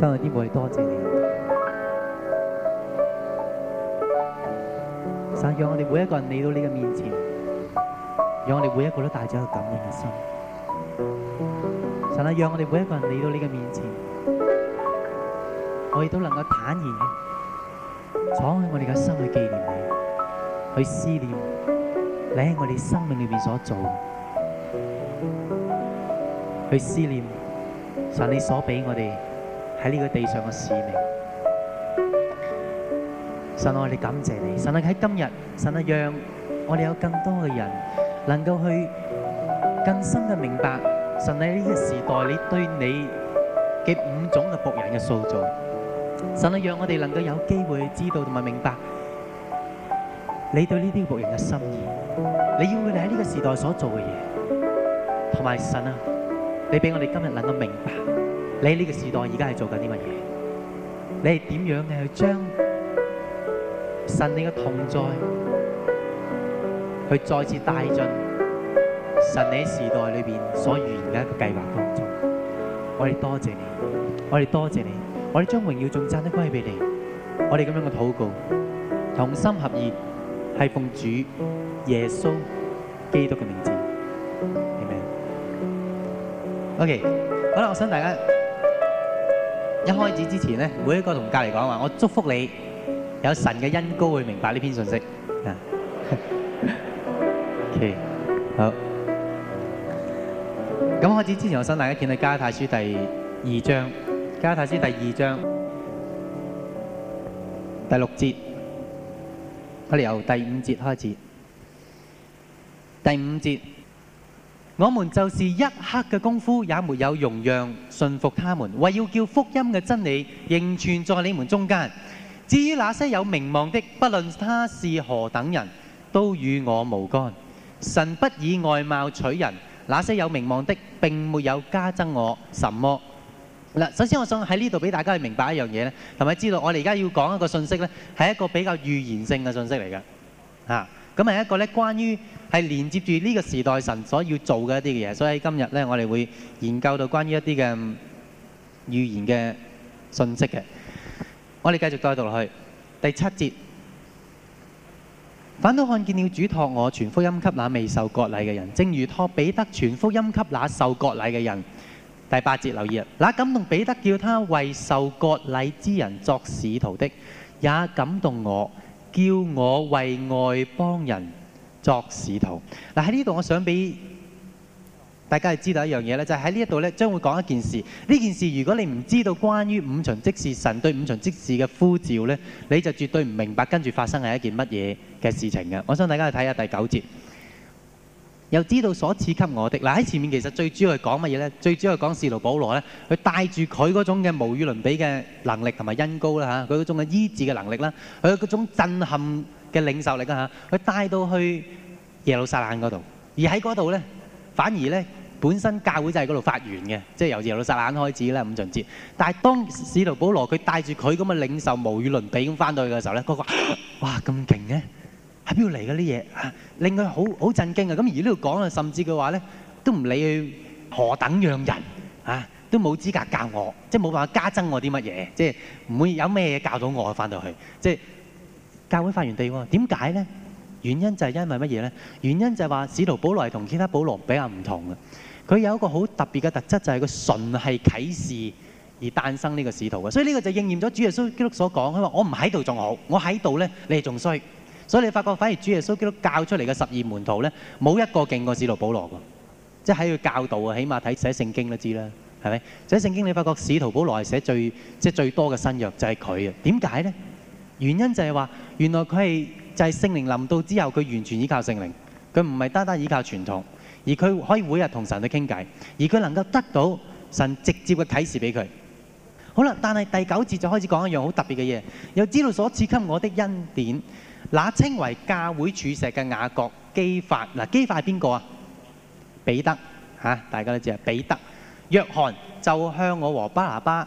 神啊，啲會多謝你！神啊，讓我哋每一個人嚟到你嘅面前，讓我哋每一個都帶住一個感恩嘅心。神啊，讓我哋每一個人嚟到你嘅面前，我哋都能夠坦然嘅闖開我哋嘅心去紀念你，去思念你喺我哋生命裏邊所做，去思念神你所畀我哋。喺呢個地上嘅使命，神啊，我哋感謝你，神啊，喺今日，神啊，讓我哋有更多嘅人能夠去更深嘅明白，神喺呢個時代你對你嘅五種嘅僕人嘅塑造，神啊，讓我哋能夠有機會知道同埋明白你對呢啲僕人嘅心意，你要佢哋喺呢個時代所做嘅嘢，同埋神啊，你俾我哋今日能夠明白。你呢個時代而家係做緊啲乜嘢？你係點樣嘅去將神你嘅同在去再次帶進神你時代裏邊所預言嘅一個計劃當中？我哋多謝你，我哋多謝你，我哋將榮耀總讚都歸俾你。我哋咁樣嘅禱告，同心合意，係奉主耶穌基督嘅名字。Amen。OK，好啦，我想大家。一開始之前，每一個同隔離講話，我祝福你有神嘅恩膏會明白呢篇信息。 okay, 好，咁開始之前，我想大家見到加拉太書第二章，加拉太書第二章第六節，我哋由第五節開始，第五節。我們就是一刻嘅功夫也沒有容讓順服他們，為要叫福音嘅真理仍存在你們中間。至於那些有名望的，不論他是何等人都與我無干。神不以外貌取人，那些有名望的並沒有加增我什麼。嗱，首先我想喺呢度俾大家去明白一樣嘢咧，同埋知道我哋而家要講一個信息咧，係一個比較預言性嘅信息嚟嘅。啊，咁係一個咧關於。係連接住呢個時代神所要做嘅一啲嘅嘢，所以今日呢，我哋會研究到關於一啲嘅預言嘅信息嘅。我哋繼續再讀落去第七節，反倒看見了主託我傳福音給那未受割禮嘅人，正如託彼得傳福音給那受割禮嘅人。第八節留意啦，那感動彼得叫他為受割禮之人作使徒的，也感動我，叫我為外邦人，作使徒。嗱喺呢度，我想俾大家去知道一樣嘢咧，就係喺呢一度咧，將會講一件事。就是、在這裡呢會一件，事這件事，如果你唔知道關於五旬職事，神對五旬職事嘅呼召咧，你就絕對唔明白跟住發生係一件乜嘢嘅事情嘅。我想大家去睇下第九節，又知道所賜給我的，嗱喺、啊、前面其實最主要係講乜嘢咧？最主要係講使徒保羅咧，佢帶住佢嗰種嘅無與倫比嘅能力同埋恩膏啦嚇，佢嗰種嘅醫治嘅能力啦，佢嗰種震撼。嘅領袖嚟㗎嚇，佢帶到去耶路撒冷嗰度，而喺嗰度咧，反而咧本身教會就係嗰度發源嘅，即係由耶路撒冷開始啦，五旬節。但係當使徒保羅佢帶住佢咁嘅領袖無與倫比咁翻到去嘅時候咧，個個哇咁勁嘅，喺邊度嚟嘅啲嘢啊？令佢好好震驚啊！咁而呢度講啊，甚至佢話咧都唔理何等樣人啊，都冇資格教我，即係冇辦法加增我啲乜嘢，即係唔會有咩嘢教到我翻到去，即係。教會發源地喎？點解咧？原因就係因為乜嘢咧？原因就係話使徒保羅同其他保羅比較唔同嘅，佢有一個好特別嘅特質，就係佢純係啟示而誕生呢個使徒嘅。所以呢個就應驗咗主耶穌基督所講，佢話：我唔喺度仲好，我喺度咧，你哋仲衰。所以你發覺反而主耶穌基督教出嚟嘅十二門徒咧，冇一個勁過使徒保羅嘅，即係喺佢教導啊，起碼睇寫聖經都知啦，係咪？寫聖經你發覺使徒保羅係寫最即係最多嘅新約，就係佢啊。點解咧？原因就係話，原來佢係就係、是、聖靈臨到之後，佢完全依靠聖靈，佢唔係單單依靠傳統，而佢可以每日同神去傾偈，而佢能夠得到神直接嘅啟示俾佢。好啦，但係第九節就開始講一樣好特別嘅嘢，又知道所賜給我的恩典，那稱為教會柱石嘅雅各基、基法，嗱基法係邊個啊？彼得嚇、啊，大家都知啊，彼得、約翰就向我和巴拿巴，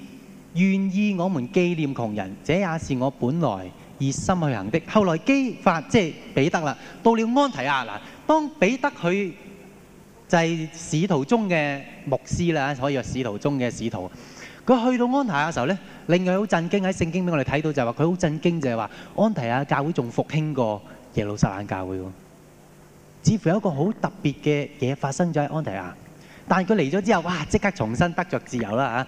願意我們紀念窮人，這也是我本來熱心去行的。後來基法，即係彼得啦，到了安提亞嗱，當彼得佢就係使徒中嘅牧師啦，可以話使徒中嘅使徒。佢去到安提亞嘅時候咧，另外好震驚喺聖經俾我哋睇到就係話佢好震驚就係話安提亞教會仲復興過耶路撒冷教會喎。似乎有一個好特別嘅嘢發生咗喺安提亞，但佢嚟咗之後，哇！即刻重新得着自由啦嚇。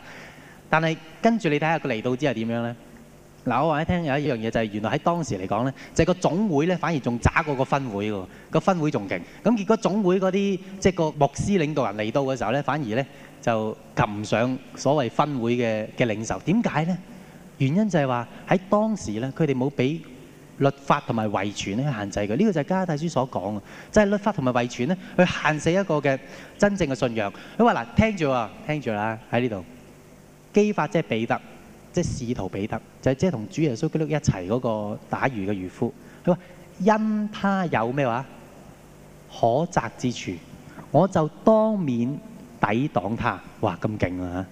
但係跟住你睇下佢嚟到之後點樣呢？嗱，我話你聽有一樣嘢就係、是、原來喺當時嚟講呢，就係、是、個總會呢，反而仲渣過個分會喎，個分會仲勁。咁結果總會嗰啲即係個牧師領導人嚟到嘅時候呢，反而呢，就及唔上所謂分會嘅嘅領袖。點解呢？原因就係話喺當時呢，佢哋冇俾律法同埋遺傳去限制佢。呢、這個就係加拉太書所講嘅，即、就、係、是、律法同埋遺傳呢，去限制一個嘅真正嘅信仰。佢話嗱，聽住喎，聽住啦，喺呢度。磯法即係彼得，即係使徒彼得就係即係同主耶穌基督一齊嗰個打魚嘅漁夫。佢話：因他有咩話可責之處，我就當面抵擋他。哇！咁勁啊！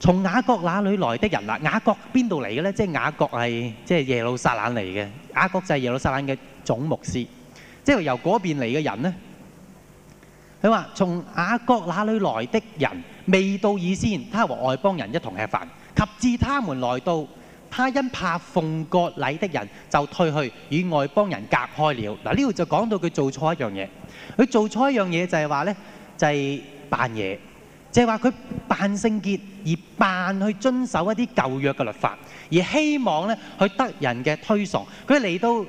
從雅各哪裏來的人啊？雅各邊度嚟嘅咧？即係雅各係即係耶路撒冷嚟嘅。雅各就係耶路撒冷嘅總牧師，即係由嗰邊嚟嘅人呢。佢話：從雅各哪裏來的人？未到以先，他和外邦人一同吃飯；及至他們來到，他因怕奉割禮的人，就退去與外邦人隔開了。嗱，呢度就講到佢做錯一樣嘢。佢做錯一樣嘢就係話呢就係、係、扮嘢，即係話佢扮聖潔而扮去遵守一啲舊約嘅律法，而希望呢去得人嘅推崇。佢嚟到。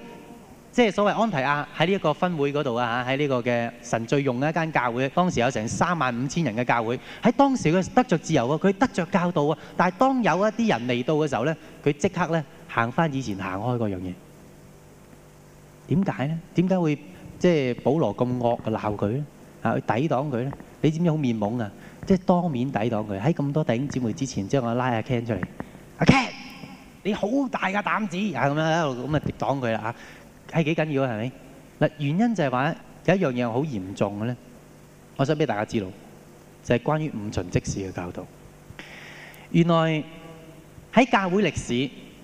即係所謂安提亞喺呢一個分會嗰度啊！嚇喺呢個嘅神最用一間教會，當時有成三萬五千人嘅教會喺當時佢得著自由啊！佢得著教導啊！但係當有一啲人嚟到嘅時候咧，佢即刻咧行翻以前行開嗰樣嘢。點解咧？點解會即係保羅咁惡鬧佢咧？嚇去抵擋佢咧？你知唔知好面懵啊？即係當面抵擋佢喺咁多弟兄姊妹之前，即係我拉阿 Ken 出嚟，阿 Ken 你好大嘅膽子啊！咁樣一路咁啊，抵擋佢啦啊！係幾緊要啊？係咪嗱？原因就係話有一樣嘢好嚴重嘅咧。我想俾大家知道，就係、是、關於五旬職事嘅教導。原來喺教會歷史、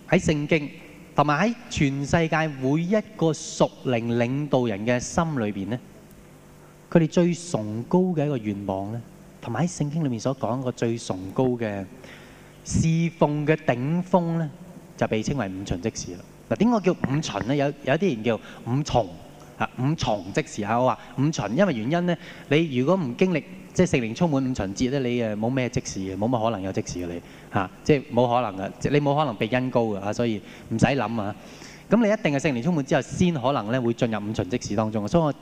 喺聖經同埋喺全世界每一個屬靈領導人嘅心裏邊咧，佢哋最崇高嘅一個願望咧，同埋喺聖經裏面所講一個最崇高嘅侍奉嘅頂峰咧，就被稱為五旬職事啦。點解叫五旬咧？有有啲人叫五重啊，五重職事啊！我話五旬，因為原因咧，你如果唔經歷即係四年充滿五旬節咧，你誒冇咩職事，冇乜可能有職事嘅你嚇，即係冇可能嘅，你冇可能被恩膏嘅嚇，所以唔使諗啊！咁你一定係四年充滿之後，先可能咧會進入五旬職事當中，所以我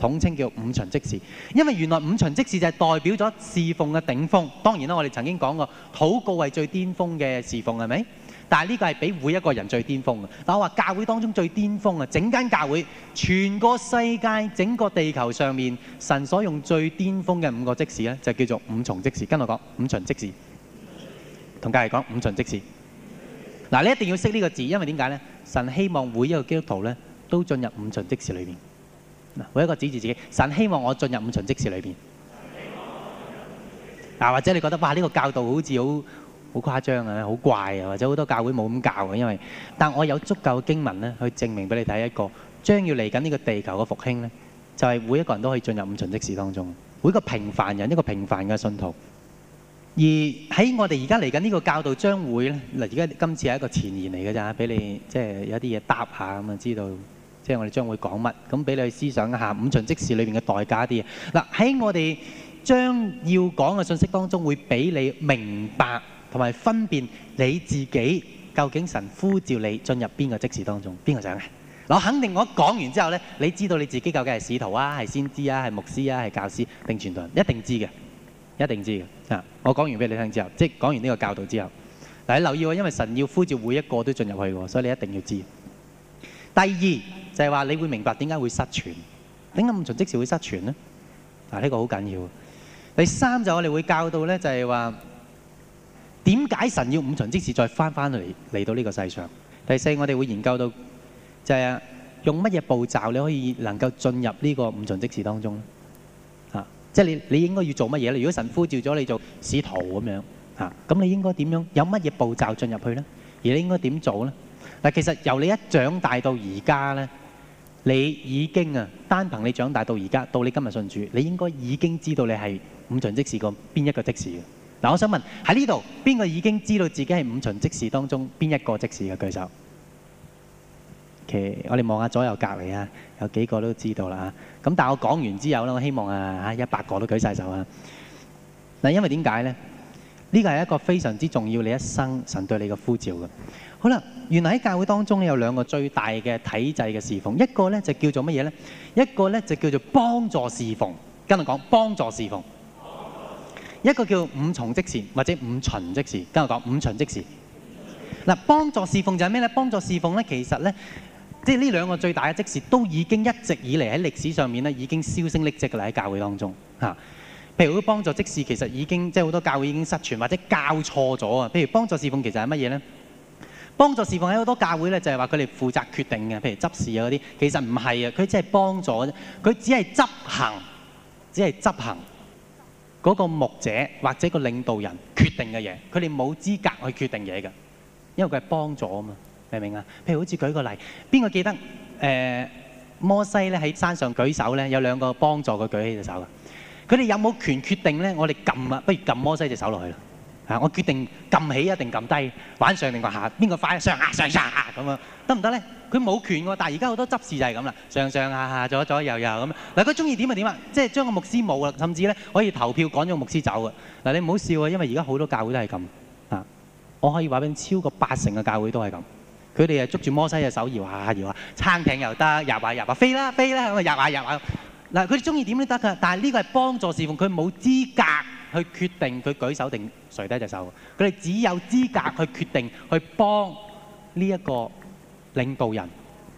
統稱叫五旬職事，因為原來五旬職事就係代表咗侍奉嘅頂峰。當然啦，我哋曾經講過禱告係最巔峰嘅侍奉係咪？但係呢個係比每一個人最巔峰嘅。但我話教會當中最巔峰啊，整間教會、全個世界、整個地球上面，神所用最巔峰嘅五個職事咧，就叫做五旬職事。跟我講五旬職事。同隔籬講五旬職事。嗱，你一定要識呢個字，因為點解咧？神希望每一個基督徒咧都進入五旬職事裏邊。嗱，每一個指住自己，神希望我進入五旬職事裏邊。嗱，或者你覺得哇，呢個教導好似好。好誇張啊！好怪啊，或者好多教會冇咁教嘅，因為但我有足夠經文咧，去證明俾你睇一個將要嚟緊呢個地球嘅復興咧，就係每一個人都可以進入五旬職事當中，每個平凡人一個平凡嘅信徒。而喺我哋而家嚟緊呢個教導將會咧嗱，而家今次係一個前言嚟嘅咋，俾你即係有啲嘢答下咁啊，知道即係我哋將會講乜咁，俾你去思想一下五旬職事裏面嘅代價啲嘢嗱。喺我哋將要講嘅信息當中，會俾你明白。同埋分辨你自己究竟神呼召你進入邊個職事當中，邊個想。我肯定我講完之後咧，你知道你自己究竟係使徒啊、係先知啊、係牧師啊、係教師定傳道人，一定知嘅，一定知嘅。啊，我講完俾你聽之後，即講完呢個教導之後，嗱，你留意、哦、因為神要呼召每一個都進入去，所以你一定要知。第二就係、是、話你會明白點解會失傳，點解唔從職事會失傳呢？嗱，呢個好緊要。第三就是、我哋會教導咧，就係話。點解神要五旬職事再翻翻嚟嚟到呢個世上？第四，我哋會研究到就係用乜嘢步驟你可以能夠進入呢個五旬職事當中咧、啊？即係你你應該要做乜嘢咧？如果神呼召咗你做使徒咁樣嚇，咁、啊、你應該點樣？有乜嘢步驟進入去咧？而你應該點做咧？嗱，其實由你一長大到而家咧，你已經啊單憑你長大到而家到你今日信主，你應該已經知道你係五旬職事個邊一個職事嘅。我想問喺呢度邊個已經知道自己係五旬職事當中邊一個職事嘅？舉手 okay，我哋望下左右隔離有幾個都知道啦，咁但我講完之後我希望啊一百個都舉曬手啊！因為點解呢？呢個係一個非常之重要，你一生神對你嘅呼召好啦，原來喺教會當中有兩個最大嘅體制嘅侍奉，一個呢就叫做乜嘢呢？一個呢就叫做幫助侍奉。跟住講幫助侍奉。一個叫五重職事或者五旬職事，跟我講五旬職事。嗱，幫助侍奉就係咩咧？幫助侍奉咧，其實咧，即係呢兩個最大嘅職事都已經一直以嚟喺歷史上面咧已經銷聲匿跡㗎啦。喺教會當中嚇、啊，譬如啲幫助職事其實已經即係好多教會已經失傳或者教錯咗啊。譬如幫助侍奉其實係乜嘢咧？幫助侍奉喺好多教會咧就係話佢哋負責決定嘅，譬如執事啊嗰啲，其實唔係啊，佢只係幫助，佢只係執行，只係執行。嗰個牧者或者個領導人決定嘅嘢，佢哋冇資格去決定嘢嘅，因為佢係幫助啊嘛，明唔明啊？譬如好似舉個例，邊個記得誒摩西咧喺山上舉手咧，有兩個幫助佢舉起隻手㗎，佢哋有冇權決定咧？我哋撳啊，不如撳摩西隻手落去啦，嚇！我決定撳起一定撳低，玩上定個下，邊個快上啊？上上啊咁樣，得唔得咧？佢冇權喎，但係而家好多執事就係咁啦，上上下下左左右右咁。嗱，佢中意點就點啊，即係將個牧師冇啊，甚至咧可以投票趕咗個牧師走啊。嗱，你唔好笑啊，因為而家好多教會都係咁啊。我可以話俾你聽，超過八成嘅教會都係咁。佢哋誒捉住摩西隻手搖下搖下，撐艇又得，搖下搖下，飛啦、啊、飛啦、啊，咁啊搖下搖下。嗱、啊，佢哋中意點都得噶，但係呢個係幫助侍奉，佢冇資格去決定佢舉手定垂低隻手。佢哋只有資格去決定去幫呢、這、一個。領導人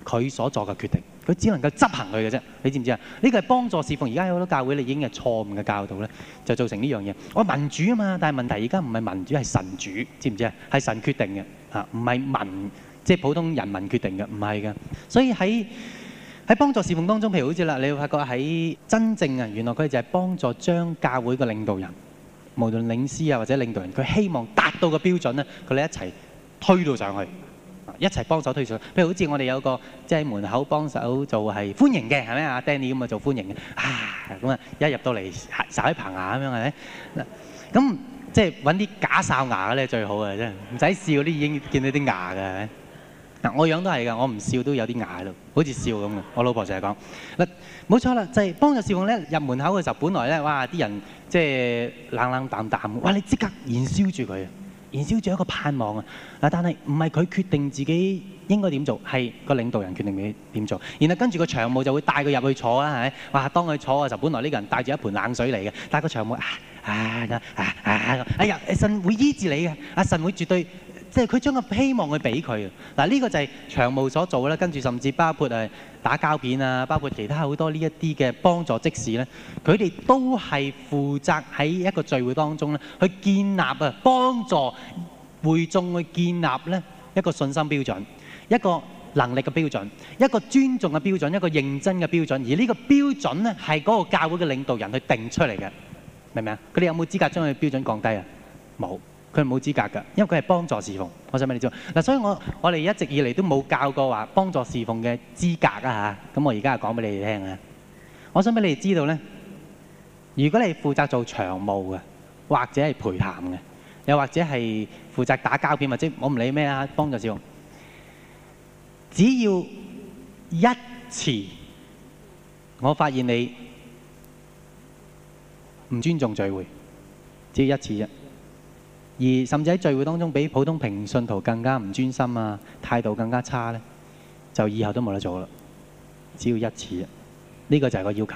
佢所做嘅決定，佢只能夠執行佢嘅啫。你知唔知啊？呢個係幫助侍奉。而家有好多教會咧，已經係錯誤嘅教導咧，就造成呢樣嘢。我民主啊嘛，但係問題而家唔係民主，係神主，知唔知啊？係神決定嘅啊，唔係民，即係普通人民決定嘅，唔係嘅。所以喺喺幫助侍奉當中，譬如好似啦，你會發覺喺真正啊，原來佢哋就係幫助將教會嘅領導人，無論領師啊或者領導人，佢希望達到嘅標準咧，佢哋一齊推到上去。一齊幫手推進，譬如好似我哋有個即係門口幫手做係歡迎嘅，係咪啊 Danny 咁啊做歡迎嘅啊咁啊一入到嚟曬啲棚牙咁樣係咪？咁即係揾啲假哨牙咧最好啊，真係，唔使笑嗰啲已經見到啲牙㗎係咪？嗱我樣都係㗎，我唔笑都有啲牙㗎咯，好似笑咁嘅。我老婆成日講嗱，冇錯啦，就係幫助笑咧入門口嘅時候，本來咧哇啲人即係冷冷淡淡，哇你即刻燃燒住佢。燃燒住一個盼望啊！但係唔係佢決定自己應該點做，係個領導人決定你點做。然後跟住個長務就會帶佢入去坐啊。哇！當佢坐嘅時候，本來呢個人帶住一盆冷水嚟嘅，但個個長務啊啊啊啊，啊！哎呀，神會醫治你嘅，阿神會絕對，即係佢將個希望去俾佢。嗱，呢個就係長務所做啦。跟住甚至包括打膠片啊，包括其他好多呢一啲嘅幫助，即使呢，佢哋都係負責喺一個聚會當中呢去建立啊，幫助會眾去建立呢一個信心標準、一個能力嘅標準、一個尊重嘅標準、一個認真嘅標準。而呢個標準呢，係嗰個教會嘅領導人去定出嚟嘅，明唔明啊？佢哋有冇資格將佢標準降低啊？冇。佢冇資格㗎，因為佢係幫助侍奉。我想俾你知，嗱，所以我我哋一直以嚟都冇教過話幫助侍奉嘅資格啊嚇。咁我而家就講俾你哋聽啊！我想俾你哋知道咧，如果你負責做場務嘅，或者係陪談嘅，又或者係負責打膠片或者我唔理咩啊幫助侍奉，只要一次，我發現你唔尊重聚會，只要一次啫。而甚至喺聚會當中，比普通平信徒更加唔專心啊，態度更加差咧，就以後都冇得做啦。只要一次啊，呢個就係個要求。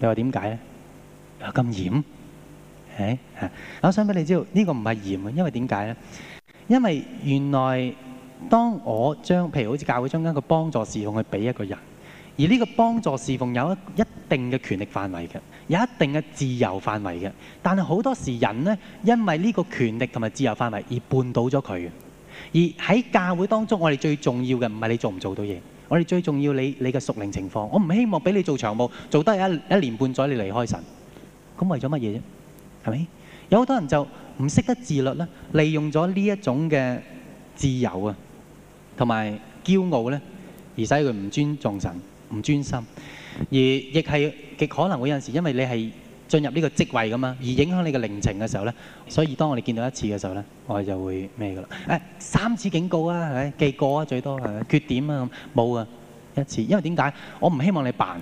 你話點解咧？咁嚴？誒我想俾你知道，呢個唔係嚴啊，因為點解咧？因為原來當我將，譬如好似教會中間個幫助事奉去俾一個人。而呢個幫助侍奉有一定嘅權力範圍嘅，有一定嘅自由範圍嘅。但係好多時人呢，因為呢個權力同埋自由範圍而絆倒咗佢。而喺教會當中，我哋最重要嘅唔係你做唔做到嘢，我哋最重要你你嘅屬靈情況。我唔希望俾你做長務，做得一一年半載你離開神。咁為咗乜嘢啫？係咪？有好多人就唔識得自律咧，利用咗呢一種嘅自由啊，同埋驕傲咧，而使佢唔尊重神。唔專心，而亦係極可能會有陣時，因為你係進入呢個職位㗎嘛，而影響你嘅靈情嘅時候咧，所以當我哋見到一次嘅時候咧，我哋就會咩嘅啦？誒，三次警告啊，誒，記過啊，最多啊，缺點啊，咁冇啊，一次，因為點解？我唔希望你扮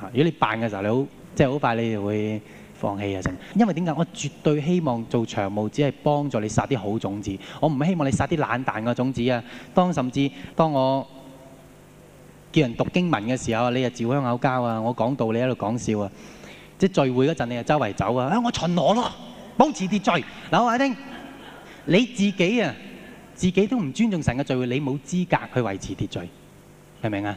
嚇，如果你扮嘅時候你好，即係好快你就會放棄啊，成，因為點解？我絕對希望做長務，只係幫助你撒啲好種子，我唔希望你撒啲冷淡嘅種子啊。當甚至當我叫人讀經文嘅時候，你就嚼香口膠啊！我講道理你喺度講笑啊！即係聚會嗰陣，你就周圍走啊！哎，我巡邏咯，保持秩序。嗱，我話你聽，你自己啊，自己都唔尊重神嘅聚會，你冇資格去維持秩序，明唔明啊？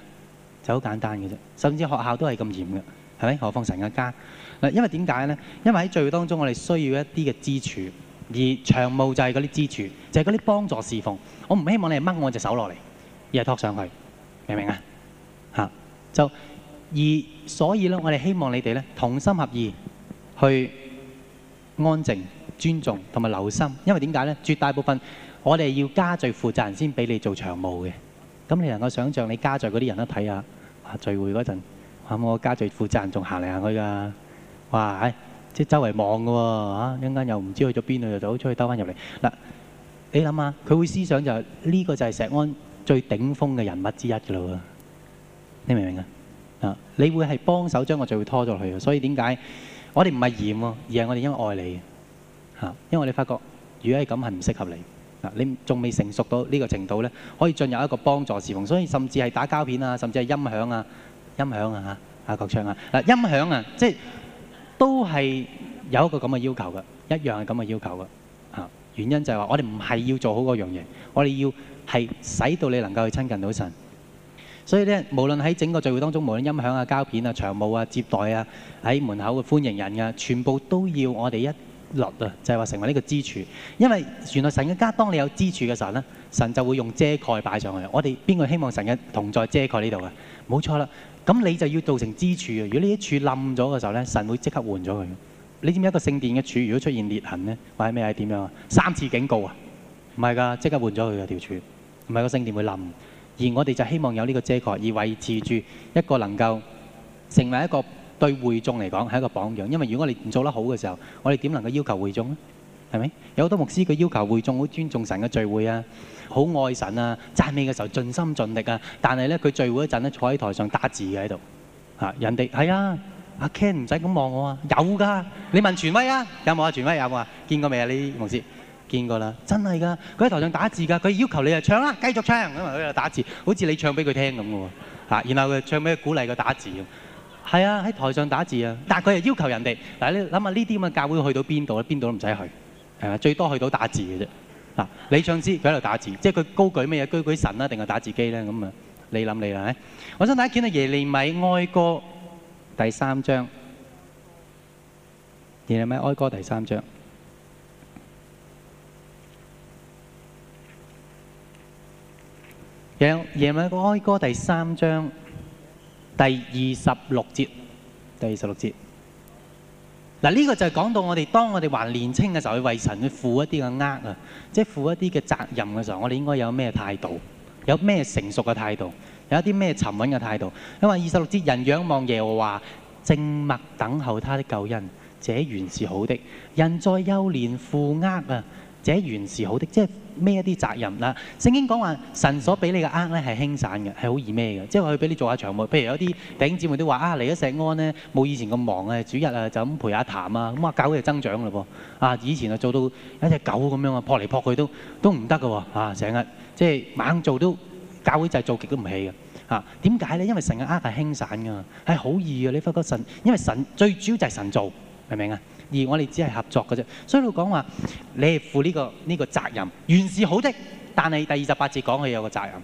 就好簡單嘅啫。甚至學校都係咁嚴嘅，係咪？何況神嘅家嗱？因為點解咧？因為喺聚會當中，我哋需要一啲嘅支柱，而長務就係嗰啲支柱，就係嗰啲幫助侍奉。我唔希望你掹我隻手落嚟，而係托上去，明唔明啊？就而所以咧，我哋希望你哋咧同心合意去安靜、尊重同埋留心，因為點解咧？絕大部分我哋要家聚負責人先俾你做長務嘅。咁你能夠想象你家聚嗰啲人一睇下啊，聚會嗰陣，咁我家聚負責人仲行嚟行去㗎，哇！唉，即係周圍望嘅喎嚇，一陣間又唔知去咗邊度，又早出去兜翻入嚟嗱。你諗下，佢會思想就係呢個就係石安最頂峰嘅人物之一㗎咯。你明唔明啊？啊，你會係幫手將個聚會拖咗落去嘅，所以點解我哋唔係嫌喎，而係我哋因為愛你嘅嚇，因為你發覺如果係咁係唔適合你啊，你仲未成熟到呢個程度咧，可以進入一個幫助事奉，所以甚至係打膠片啊，甚至係音響啊，音響啊嚇啊國昌啊嗱，音響啊，即係都係有一個咁嘅要求嘅，一樣係咁嘅要求嘅嚇，原因就係話我哋唔係要做好嗰樣嘢，我哋要係使到你能夠去親近到神。所以咧，無論喺整個聚會當中，無論音響啊、膠片啊、場務啊、接待啊，喺門口嘅歡迎人啊，全部都要我哋一律啊，就係話成為呢個支柱。因為原來神嘅家，當你有支柱嘅時候咧，神就會用遮蓋擺上去。我哋邊個希望神嘅同在遮蓋呢度啊？冇錯啦。咁你就要做成支柱啊！如果呢啲柱冧咗嘅時候咧，神會即刻換咗佢。你知唔知一個聖殿嘅柱如果出現裂痕咧，或者咩係點樣啊？三次警告啊，唔係噶，即刻換咗佢嘅條柱，唔係個聖殿會冧。而我哋就希望有呢個遮蓋，以維持住一個能夠成為一個對會眾嚟講係一個榜樣。因為如果我哋唔做得好嘅時候，我哋點能夠要求會眾咧？係咪？有好多牧師佢要求會眾好尊重神嘅聚會啊，好愛神啊，讚美嘅時候盡心盡力啊。但係咧，佢聚會嗰陣咧，坐喺台上打字嘅喺度。人哋係啊，阿 Ken 唔使咁望我啊，有㗎。你問全威啊，有冇啊？全威有冇啊？見過未啊？呢啲牧師？見過啦，真係噶，佢喺台上打字噶，佢要求你啊唱啦，繼續唱，咁啊佢就打字，好似你唱俾佢聽咁嘅喎，然後佢唱俾佢鼓勵佢打字，係啊，喺台上打字啊，但係佢又要求人哋嗱，你諗下呢啲咁嘅教會去到邊度咧？邊度都唔使去，係咪？最多去到打字嘅啫，嗱，你唱支，佢喺度打字，即係佢高舉咩嘢？舉舉神啊，定係打字機咧？咁啊，你諗你啦，我想大家見到耶利米哀歌第三章，耶利米哀歌第三章。耶利米哀歌第三章第二十六節，第二十六節。嗱，呢個就係講到我哋當我哋還年輕嘅時候，去為神去負一啲嘅軛啊，即係負一啲嘅責任嘅時候，我哋應該有咩態度？有咩成熟嘅態度？有一啲咩沉穩嘅態度？因為二十六節，人仰望耶和華，靜默等候他的救恩，這原是好的；人在幼年負軛啊，這原是好的，即係。孭一啲責任啦，聖經講話神所畀你嘅軛，咧係輕省嘅，係好易孭嘅。即係話佢俾你做下長務，譬如有啲弟兄姊妹都話啊，嚟咗錫安咧冇以前咁忙啊，主日啊就咁陪下談啊，咁啊教會就增長嘞噃。啊，以前啊做到一隻狗咁樣啊，撲嚟撲去都都唔得嘅喎。啊，成日即係猛做都教會就係做極都唔起嘅。啊，點解咧？因為神嘅軛係輕省噶，係好易嘅。你發覺神，因為神最主要就係神做，明唔明啊？而我哋只係合作嘅啫，所以佢講話你係負呢、這個呢、這個責任，原是好的，但係第二十八節講佢有個責任。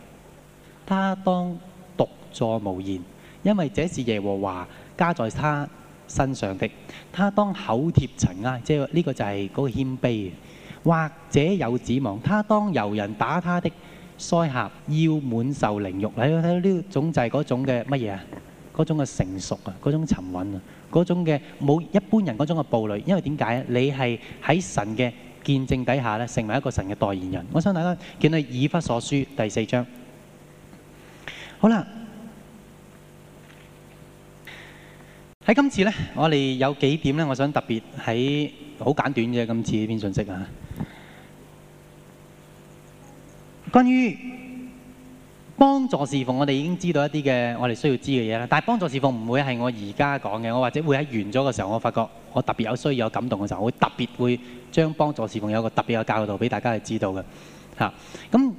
他當獨坐無言，因為這是耶和華加在他身上的。他當口貼塵埃，啊，即係呢個就係嗰個謙卑。或者有指望，他當由人打他的腮頰，要滿受凌辱。你睇呢種就係嗰種嘅乜嘢啊？嗰種嘅成熟啊，嗰種沉穩啊。嗰種嘅冇一般人嗰種嘅暴戾，因為點解咧？你係喺神嘅見證底下咧，成為一個神嘅代言人。我想大家見到以弗所書第四章。好啦，喺今次咧，我哋有幾點咧，我想特別喺好簡短嘅今次呢篇信息啊。關於幫助侍奉，我哋已經知道一啲嘅，我哋需要知嘅嘢啦。但係幫助侍奉唔會係我而家講嘅，我或者會喺完咗嘅時候，我發覺我特別有需要、有感動嘅時候，我會特別會將幫助侍奉有個特別嘅教導俾大家去知道嘅。嚇、嗯，咁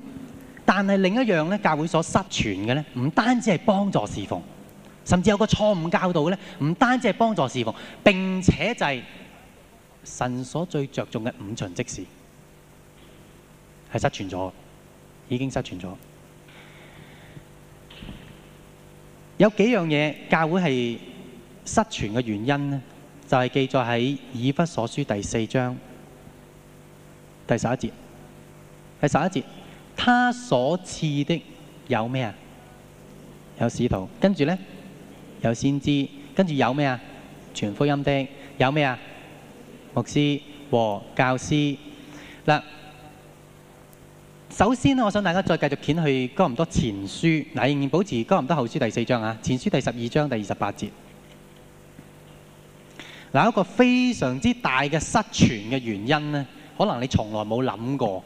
但係另一樣咧，教會所失傳嘅咧，唔單止係幫助侍奉，甚至有個錯誤教導咧，唔單止係幫助侍奉，並且就係神所最着重嘅五旬職事係失傳咗，已經失傳咗。有幾樣嘢教會係失傳嘅原因就係、是、記載喺《以弗所書》第四章第十一節。第十一節，他所賜的有咩啊？有使徒，跟住呢，有先知，跟住有咩啊？傳福音的有咩啊？牧師和教師，嗱。首先我想大家再繼續揭去《哥林多前書》，仍然保持《哥林多後書》第四章啊，《前書》第十二章第二十八節。有一個非常之大嘅失傳嘅原因呢，可能你從來冇諗過，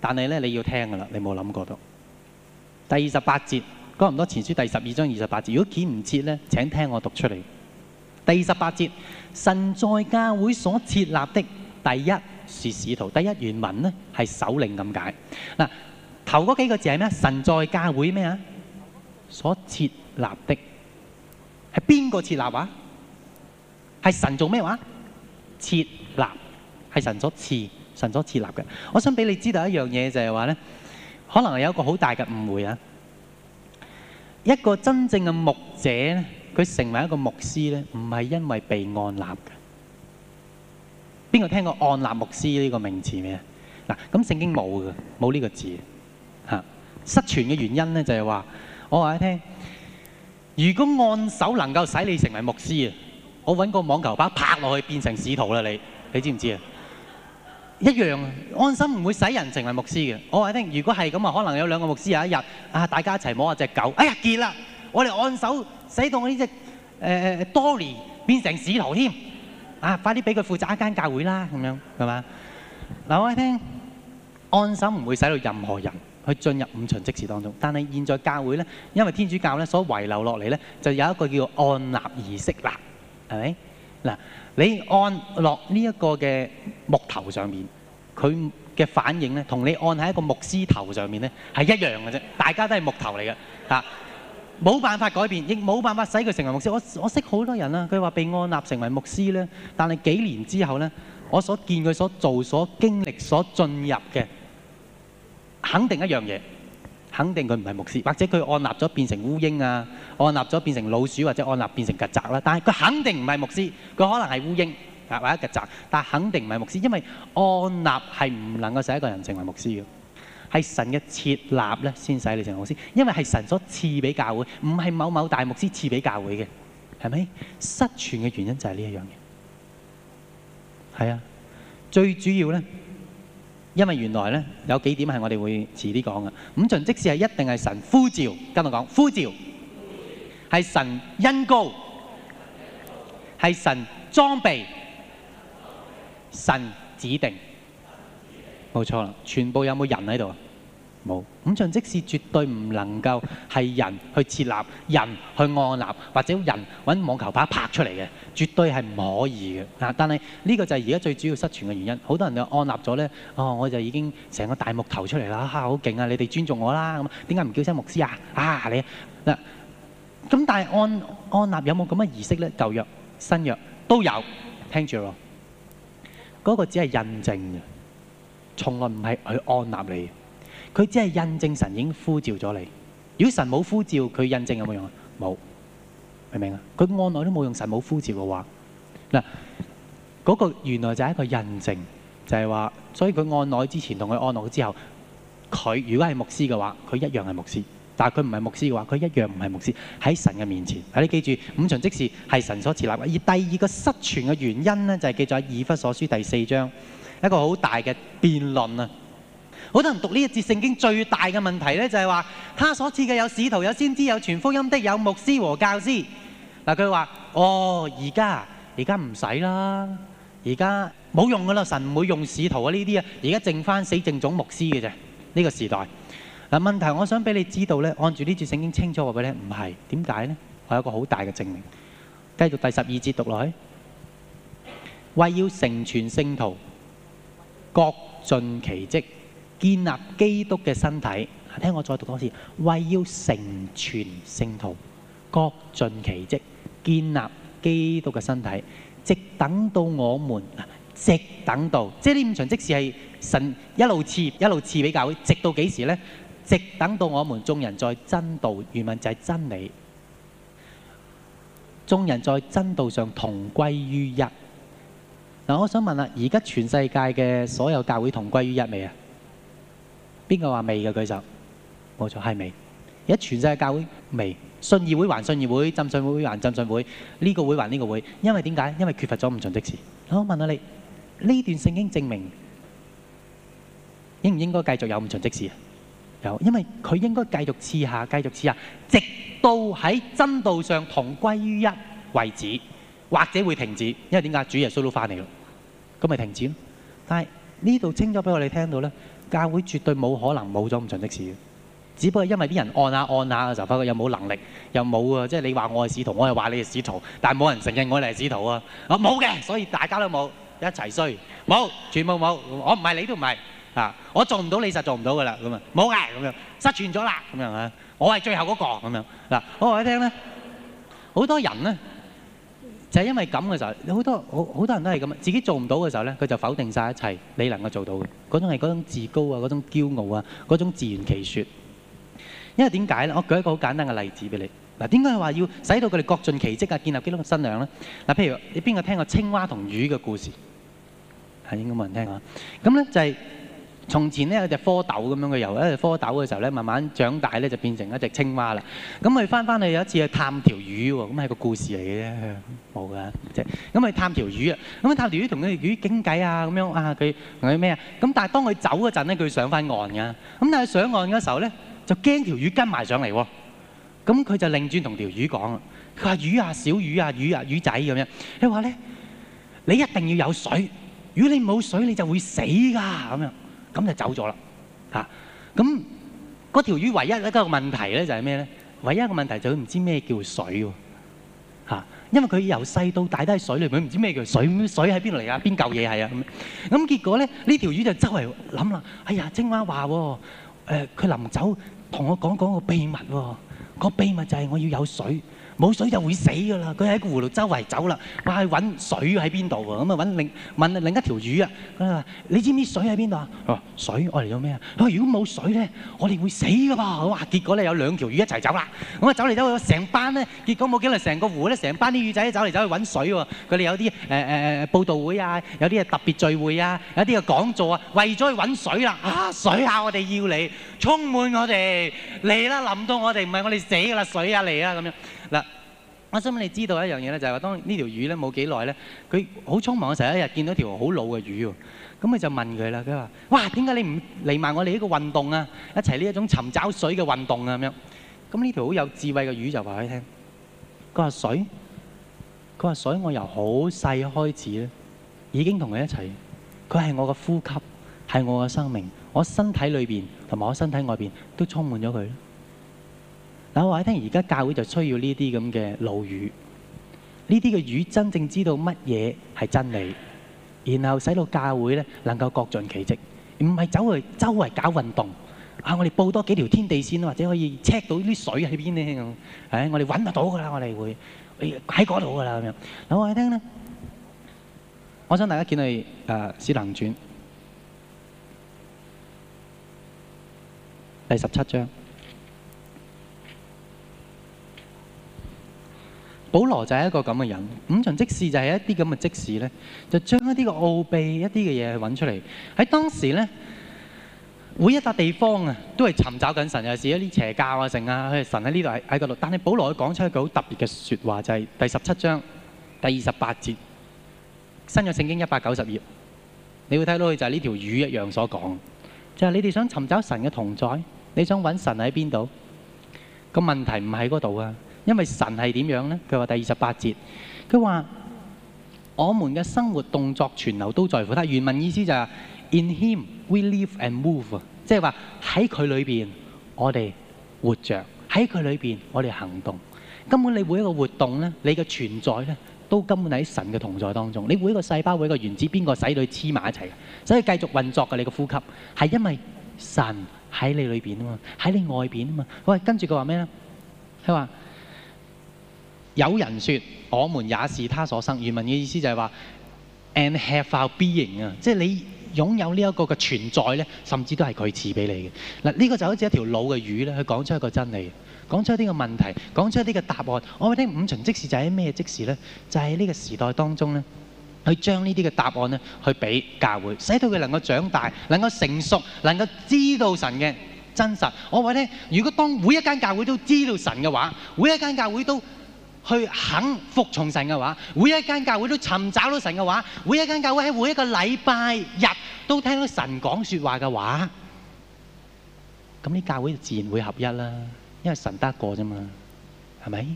但係呢你要聽㗎啦，你冇諗過到。第二十八節，《哥林多前書》第十二章二十八節。如果揭唔切呢，請聽我讀出嚟。第二十八節，神在教會所設立的第一。是使徒第一原文呢，係首領咁解。嗱、啊，頭嗰幾個字係咩？神在教會咩啊？所設立的係邊個設立啊？係神做咩話？設立係神所賜，神所設立嘅。我想俾你知道一樣嘢，就係話咧，可能有一個好大嘅誤會啊！一個真正嘅牧者，佢成為一個牧師咧，唔係因為被按立的邊個聽過按立牧師呢個名詞咩？嗱，咁聖經冇嘅，冇呢個字吓。失傳嘅原因咧就係話，我話你聽，如果按手能夠使你成為牧師啊，我揾個網球拍拍落去變成使徒啦！你，你知唔知啊？一樣，安心唔會使人成為牧師嘅。我話你聽，如果係咁啊，可能有兩個牧師有一日啊，大家一齊摸下隻狗，哎呀結啦！我哋按手使到我呢隻誒多尼變成使徒添。啊！快啲俾佢負責一間教會啦，咁樣係嘛？嗱，我聽按手唔會使到任何人去進入五旬職事當中，但係現在教會咧，因為天主教咧所遺留落嚟咧，就有一個叫按立儀式啦，係咪？嗱，你按落呢一個嘅木頭上面，佢嘅反應咧，同你按喺一個牧師頭上面咧係一樣嘅啫，大家都係木頭嚟嘅啊！冇辦法改變，亦冇辦法使佢成為牧師。我我識好多人啦，佢話被按立成為牧師咧，但係幾年之後咧，我所見佢所做、所經歷、所進入嘅，肯定一樣嘢，肯定佢唔係牧師，或者佢按立咗變成烏蠅啊，按立咗變成老鼠或者按立變成曱甴啦。但係佢肯定唔係牧師，佢可能係烏蠅啊，或者曱甴，但係肯定唔係牧師，因為按立係唔能夠使一個人成為牧師嘅。係神嘅設立咧，先使你成為牧師，因為係神所賜俾教會，唔係某某大牧師賜俾教會嘅，係咪？失傳嘅原因就係呢一樣嘢。係啊，最主要咧，因為原來咧有幾點係我哋會遲啲講㗎。五旬職事係一定係神呼召，今日講呼召，係召神恩膏，係召神裝備，召神指定。冇錯啦，全部有冇人喺度啊？冇，咁樣即係絕對唔能夠係人去設立，人去按立或者人揾網球拍拍出嚟嘅，絕對係唔可以嘅。嗱、啊，但係呢個就係而家最主要失傳嘅原因，好多人就按立咗咧，哦、啊，我就已經成個大木頭出嚟啦，嚇好勁啊！你哋尊重我啦，咁點解唔叫聲牧師啊？啊，你嗱、啊，咁、啊、但係按按立有冇咁嘅儀式咧？舊約、新約都有，聽住咯，嗰、那個只係印證嘅。從來唔係佢按立你的，佢只係印證神已經呼召咗你。如果神冇呼召，佢印證有冇用啊？冇，明唔明啊？佢按立都冇用，神冇呼召嘅話，嗱，嗰個原來就係一個印證，就係話，所以佢按立之前同佢按立之後，佢如果係牧師嘅話，佢一樣係牧師，但係佢唔係牧師嘅話，佢一樣唔係牧師。喺神嘅面前，你記住，五旬職事，係神所設立。而第二個失傳嘅原因咧，就係記載喺以弗所書第四章。一個好大嘅辯論啊！好多人讀呢一節聖經，最大嘅問題咧就係話，他所賜嘅有使徒、有先知、有傳福音的、有牧師和教師。嗱，佢話：哦，而家而家唔使啦，而家冇用噶啦，神唔會用使徒啊呢啲啊。而家剩翻死正種牧師嘅啫。呢個時代嗱，問題我想俾你知道咧，按住呢一節聖經清楚話俾你，唔係點解咧？係一個好大嘅證明。繼續第十二節讀落去，為要成全聖徒。各盡其職，建立基督嘅身體。聽我再讀多次，為要成全聖徒，各盡其職，建立基督嘅身體。直等到我們，直等到即係呢五場即時，即是係神一路賜一路賜俾教會，直到幾時呢？直等到我們眾人，在真道、原文就係真理，眾人在真道上同歸於一。我想問下，而家全世界嘅所有教會同歸於一說未啊？邊個話未嘅？舉手，冇錯，係未。而家全世界的教會未，信義會還信義會，浸信會還浸信會，呢、呢個會還呢個會，因為點解？因為缺乏咗五旬職事。我問下你，呢段聖經證明應唔應該繼續有五旬職事啊？有，因為佢應該繼續賜下，繼續賜下，直到喺真道上同歸於一為止。或者會停止，因為點解主又衰到翻嚟咯？咁咪停止咯。但係呢度清咗俾我哋聽到咧，教會絕對冇可能冇咗咁長的事，只不過因為啲人按下按下嘅時候發覺又冇能力，又冇啊！即係你話我係使徒，我又話你係使徒，但係冇人承認我係使徒啊！我冇嘅，所以大家都冇一齊衰，冇全部冇，我唔係你都唔係啊！我做唔到你實做唔到噶啦，咁啊冇嘅咁樣失傳咗啦，咁樣啊！我係最後嗰個咁樣嗱，我話你聽咧，好多人咧。就係因為咁嘅時候，好多好多人都係咁啊！自己做唔到嘅時候呢，佢就否定晒一切，你能夠做到嘅嗰種係嗰種自高啊，嗰種驕傲啊，嗰種自圓其說。因為點解呢？我舉一個好簡單嘅例子畀你。嗱，點解話要使到佢哋各盡其職啊？建立基督新娘呢？嗱，譬如你邊個聽過青蛙同魚嘅故事？係應該冇人聽過。咁就係、是。從前咧有隻蝌蚪咁樣嘅由，蝌蚪嘅時候慢慢長大咧就變成一隻青蛙啦。咁佢翻翻去有一次去探條魚喎，咁係個故事嚟嘅啫，冇噶。咁佢探條魚啊，咁、就是、探條魚同佢條魚傾偈啊，咁樣啊佢咩啊？咁但係當佢走嗰陣咧，佢上翻岸嘅。咁但係上岸嗰時候咧，就驚條魚跟埋上嚟喎。咁佢就另轉同條魚講啦，佢話魚啊，小魚啊，魚啊，魚啊，魚仔咁樣。話你一定要有水，如果你冇水你就會死㗎咁樣。咁就走咗啦，嚇、啊！咁嗰條魚唯一一個問題咧就係咩咧？唯一一個問題就係佢唔知咩叫水喎、啊啊，因為佢由細到大都喺水裏邊，唔知咩叫水，水喺邊度嚟啊？邊嚿嘢係啊？咁、啊、咁結果咧，呢條魚就周圍諗啦，哎呀，青蛙話喎、啊，佢、呃、臨走同我講講個秘密喎、啊，個秘密就係我要有水。冇水就會死㗎啦！佢喺個湖度周圍走啦，哇！揾水喺邊度喎？咁啊揾另問另一條魚啊！佢話：你知唔知水喺邊度啊？水我嚟做咩啊？啊！如果冇水咧，我哋會死㗎噃！哇！結果咧有兩條魚一齊走啦，咁啊走嚟走去成班咧，結果冇幾耐成個湖咧，成班啲魚仔走嚟走去揾水喎！佢哋有啲誒誒誒佈道會啊，有啲啊特別聚會啊，有啲啊講座啊，為咗去揾水啦！啊水啊！我哋要你。充滿我哋嚟啦！諗到我哋唔係我哋死㗎啦，水啊嚟啊咁樣嗱。我想問你知道一樣嘢咧，就係話當呢條魚咧冇幾耐咧，佢好匆忙嘅時候，一日見到條好老嘅魚喎，咁佢就問佢啦，佢話：哇，點解你唔嚟埋我哋呢個運動啊？一齊呢一種尋找水嘅運動啊咁樣。咁呢條好有智慧嘅魚就話佢聽，佢話水，佢話水，我由好細開始咧，已經同佢一齊，佢係我嘅呼吸，係我嘅生命，我身體裏邊。同埋我身體外邊都充滿咗佢。嗱，我話你聽而家教會就需要呢啲咁嘅老魚，呢啲嘅魚真正知道乜嘢係真理，然後使到教會咧能夠各盡其職，唔係走去周圍搞運動。啊，我哋報多幾條天地線啦，或者可以 check 到啲水喺邊咧咁。係，我哋揾得到噶啦，我哋會喺嗰度噶啦咁樣。嗱，我話你聽咧，我想大家見到誒《史林傳》。第十七章，保羅就係一個咁嘅人。五旬職事就係一啲咁嘅職事咧，就將一啲嘅奧秘一、一啲嘅嘢去揾出嚟。喺當時咧，每一笪地方啊，都係尋找緊神，又、就、試、是、一啲邪教啊、剩啊，佢神喺呢度喺嗰度。但係保羅佢講出一句好特別嘅說話，就係、是、第十七章第二十八節，新約聖經一百九十頁，你會睇到佢就係呢條魚一樣所講，就係、是、你哋想尋找神嘅同在。你想揾神喺邊度？個問題唔喺嗰度啊，因為神係點樣咧？佢話第二十八節，佢話：我們嘅生活動作全流都在乎他。原文意思就係：In him we live and move，即係話喺佢裏邊，我哋活著；喺佢裏邊，我哋行動。根本你每一個活動咧，你嘅存在咧，都根本喺神嘅同在當中。你每一個細胞，每一個原子，邊個使佢黐埋一齊？所以繼續運作嘅？你嘅呼吸係因為神。喺你裏邊啊嘛，喺你外邊啊嘛。喂，跟住佢話咩咧？佢話有人說我們也是他所生。原文嘅意思就係話，and have our being 啊，即係你擁有呢一個嘅存在咧，甚至都係佢賜俾你嘅嗱。呢、這個就好似一條老嘅魚咧，佢講出一個真理，講出一啲嘅問題，講出一啲嘅答案。我哋五旬職事就喺咩職事咧？就喺、是、呢個時代當中咧。去將呢啲嘅答案呢，去俾教會，使到佢能夠長大，能夠成熟，能夠知道神嘅真實。我話咧，如果當每一間教會都知道神嘅話，每一間教會都去肯服從神嘅話，每一間教會都尋找到神嘅話，每一間教會喺每一個禮拜日都聽到神講說話嘅話，咁呢教會就自然會合一啦。因為神得一個啫嘛，係咪？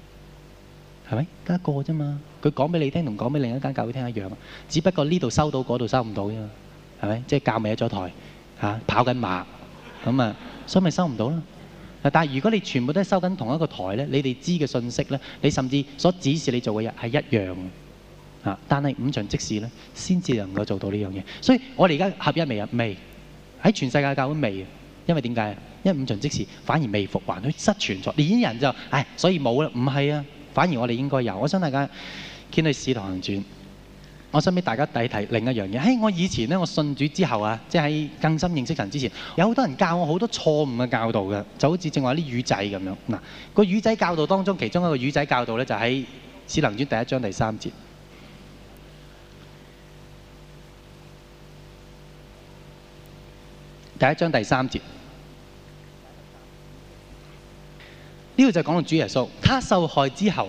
係咪？得一個啫嘛。佢講俾你聽同講俾另一間教會聽一樣啊，只不過呢度收到，嗰度收唔到啫，係咪？即係教未一咗台啊，跑緊馬咁啊，所以咪收唔到咯。但係如果你全部都係收緊同一個台咧，你哋知嘅信息咧，你甚至所指示你做嘅嘢係一樣嘅啊。但係五旬職事咧，先至能夠做到呢樣嘢。所以我哋而家合一未啊？未喺全世界教會未啊？因為點解啊？因為五旬職事反而未復還佢失存在，啲人就唉，所以冇啦。唔係啊，反而我哋應該有。我想大家。見佢使徒行傳，我想俾大家睇睇另一樣嘢。喺、hey，我以前咧，我信主之後啊，即係喺更深認識神之前，有好多人教我好多錯誤嘅教導嘅，就好似正話啲魚仔咁樣。嗱、那，個魚仔教導當中，其中一個魚仔教導咧，就喺《使徒行傳》第一章第三節。第一章第三節，呢個就係講到主耶穌，他受害之後。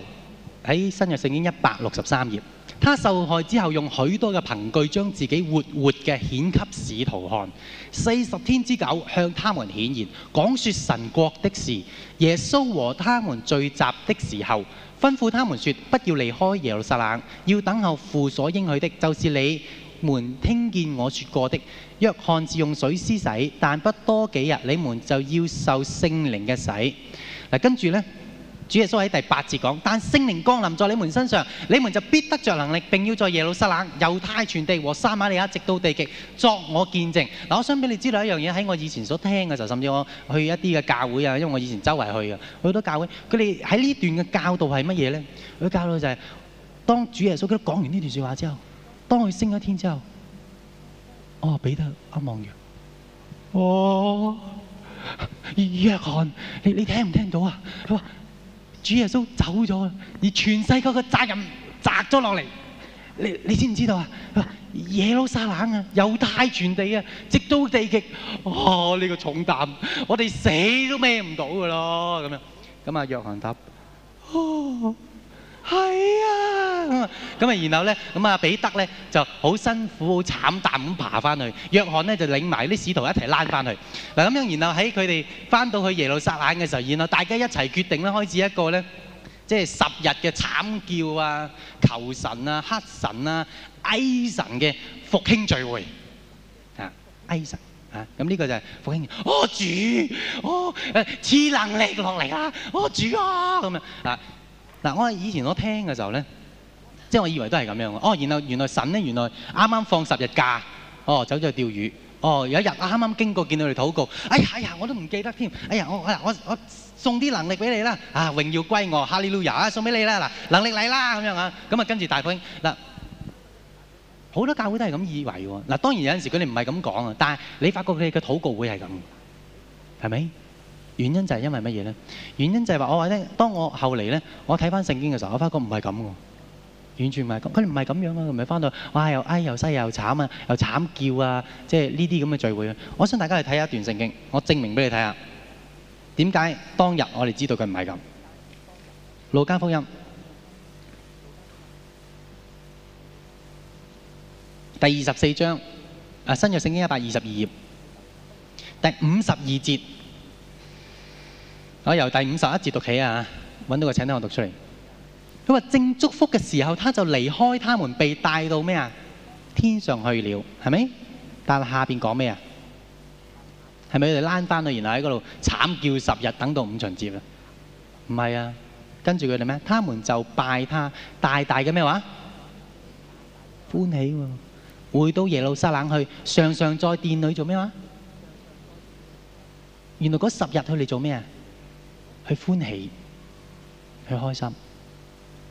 喺新約聖經一百六十三頁，他受害之後，用許多嘅憑據將自己活活嘅顯給使徒看。四十天之久，向他們顯現，講説神國的事。耶穌和他們聚集的時候，吩咐他們說：不要離開耶路撒冷，要等候父所應許的，就是你們聽見我説過的。約翰是用水施洗，但不多幾日，你們就要受聖靈嘅洗。嗱，跟住呢。主耶穌喺第八節講：但聖靈降臨在你們身上，你們就必得着能力，並要在耶路撒冷、猶太全地和撒瑪利亞直到地極作我見證。嗱、嗯嗯，我想俾你知道一樣嘢，喺我以前所聽嘅時候，甚至我去一啲嘅教會啊，因為我以前周圍去嘅，去到教會，佢哋喺呢段嘅教導係乜嘢咧？佢教導就係、是、當主耶穌佢講完呢段説話之後，當佢升咗天之後，哦，彼得阿望住，哦，約翰，你你聽唔聽到啊？佢話。主耶穌走咗，而全世界嘅責任砸咗落嚟，你你知唔知道啊？耶路撒冷啊，猶太全地啊，直到地極，哦，呢個重擔，我哋死都孭唔到噶咯，咁樣。咁啊，約翰答。係啊，咁、嗯、啊，然後咧，咁啊彼得咧就好辛苦、好慘淡咁爬翻去，約翰呢就領埋啲使徒一齊拉翻去。嗱咁樣，然後喺佢哋翻到去耶路撒冷嘅時候，然後大家一齊決定咧，開始一個咧，即係十日嘅慘叫啊、求神啊、黑神啊、埃神嘅復興聚會啊，埃神啊，咁呢個就係復興聚會。哦、啊、主，哦、啊、誒，賜能力落嚟啦，哦、啊啊、主啊，咁啊啊。啊嗱，我以前我聽嘅時候咧，即係我以為都係咁樣嘅。哦，然後原來神咧，原來啱啱放十日假，哦，走咗去釣魚，哦，有一日我啱啱經過見到佢哋禱告，哎呀哎呀，我都唔記得添。哎呀，我我我我送啲能力俾你啦，啊，榮耀歸我，哈利路亞啊，送俾你啦。嗱，能力嚟啦，咁樣啊，咁啊跟住大夥。嗱，好多教會都係咁以為喎。嗱，當然有陣時佢哋唔係咁講啊，但係你發覺佢哋嘅禱告會係咁，係咪？原因就係因為乜嘢咧？原因就係話我話咧，當我後嚟咧，我睇翻聖經嘅時候，我發覺唔係咁嘅，完全唔係咁。佢哋唔係咁樣啊，佢哋唔係翻到哇又唉又西又慘啊，又慘叫啊，即係呢啲咁嘅聚會啊！我想大家去睇一,一段聖經，我證明俾你睇下，點解當日我哋知道佢唔係咁？《路加福音》第二十四章啊，新約聖經一百二十二頁，第五十二節。我由第五十一節讀起啊，揾到個請聽我讀出嚟。佢話正祝福嘅時候，他就離開他們，被帶到咩啊？天上去了，係咪？但下邊講咩啊？係咪佢哋攬翻佢，然後喺嗰度慘叫十日，等到五旬節啦？唔係啊，跟住佢哋咩？他們就拜他，大大嘅咩話？歡喜喎、啊，回到耶路撒冷去，常常在殿裏做咩話？原來嗰十日佢哋做咩啊？佢歡喜，佢開心，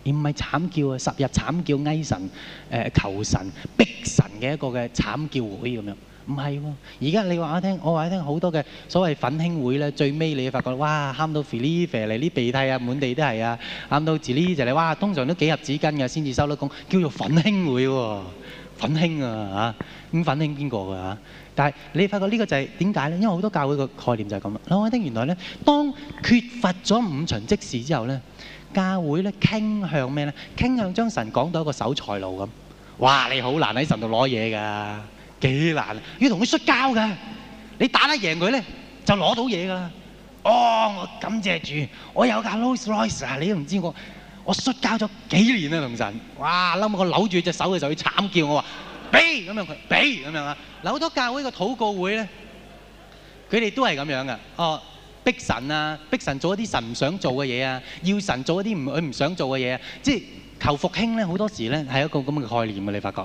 而唔係慘叫啊！十日慘叫哀神，誒求神逼神嘅一個嘅慘叫會咁樣，唔係喎！而家你話我聽，我話你聽好多嘅所謂奮興會咧，最尾你會發覺哇，喊到肥 i 肥 i 嚟啲鼻涕啊，滿地都係啊，喊到字呢就你哇！通常都幾盒紙巾嘅先至收得工，叫做奮興會喎、啊，奮興啊嚇！咁奮興邊個啊？但係你發覺呢個就係點解咧？因為好多教會個概念就係咁啦。老愛丁原來咧，當缺乏咗五旬職事之後咧，教會咧傾向咩咧？傾向將神講到一個守財奴咁。哇！你好難喺神度攞嘢㗎，幾難啊！要同佢摔跤㗎。你打得贏佢咧，就攞到嘢㗎啦。哦，我感謝住，我有架 Rolls Royce，你都唔知我，我摔跤咗幾年啦同神。哇！冧我扭住隻手嘅時候，佢慘叫我話。俾咁樣佢，俾咁樣啊！嗱，好多教會個禱告會咧，佢哋都係咁樣噶，哦，逼神啊，逼神做一啲神唔想做嘅嘢啊，要神做一啲唔佢唔想做嘅嘢，即係求復興咧。好多時咧係一個咁嘅概念啊，你發覺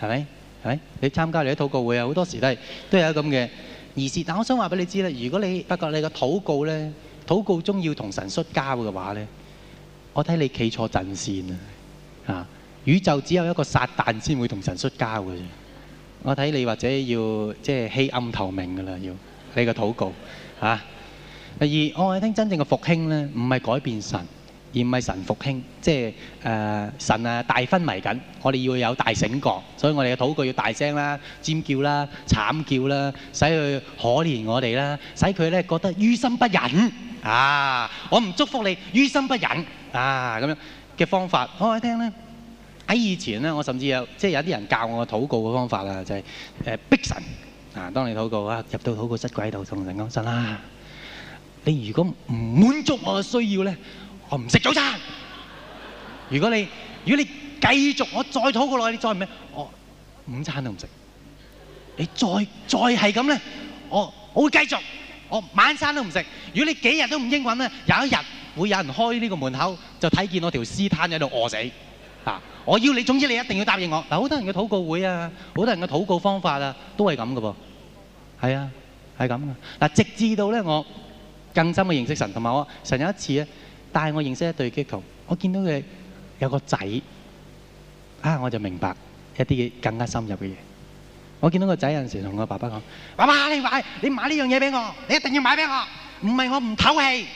係咪？係咪？你參加你啲禱告會啊，好多時都係都有咁嘅儀式。但我想話俾你知咧，如果你發覺你個禱告咧，禱告中要同神摔交嘅話咧，我睇你企錯陣線啊！啊～宇宙只有一個撒旦，先會同神摔跤嘅。我睇你或者要即係棄暗投明嘅啦，要你個禱告嚇。第、啊、二，我聽真正嘅復興咧，唔係改變神，而唔係神復興，即係誒、呃、神啊大昏迷緊。我哋要有大醒覺，所以我哋嘅禱告要大聲啦、尖叫啦、慘叫啦，使佢可憐我哋啦，使佢咧覺得於心不忍啊。我唔祝福你，於心不忍啊，咁樣嘅方法，我聽咧。喺以前咧，我甚至有即係有啲人教我嘅禱告嘅方法啦，就係誒逼神啊！當你禱告啊，入到禱告室跪喺度同神講：神啊，你如果唔滿足我嘅需要咧，我唔食早餐。如果你如果你繼續我再禱告落去，你再唔咩？我午餐都唔食。你再再係咁咧，我我會繼續我晚餐都唔食。如果你幾日都唔應允咧，有一日會有人開呢個門口就睇見我條屍攤喺度餓死。嗱，我要你，總之你一定要答應我。嗱，好多人嘅禱告會啊，好多人嘅禱告方法啊，都係咁噶噃。係啊，係咁噶。嗱，直至到咧，我更深嘅認識神，同埋我。神有一次咧帶我認識一對基督徒，我見到佢有個仔，啊，我就明白一啲更加深入嘅嘢。我見到個仔有陣時同我爸爸講：「爸爸，你買，你買呢樣嘢俾我，你一定要買俾我。唔係我唔唞氣，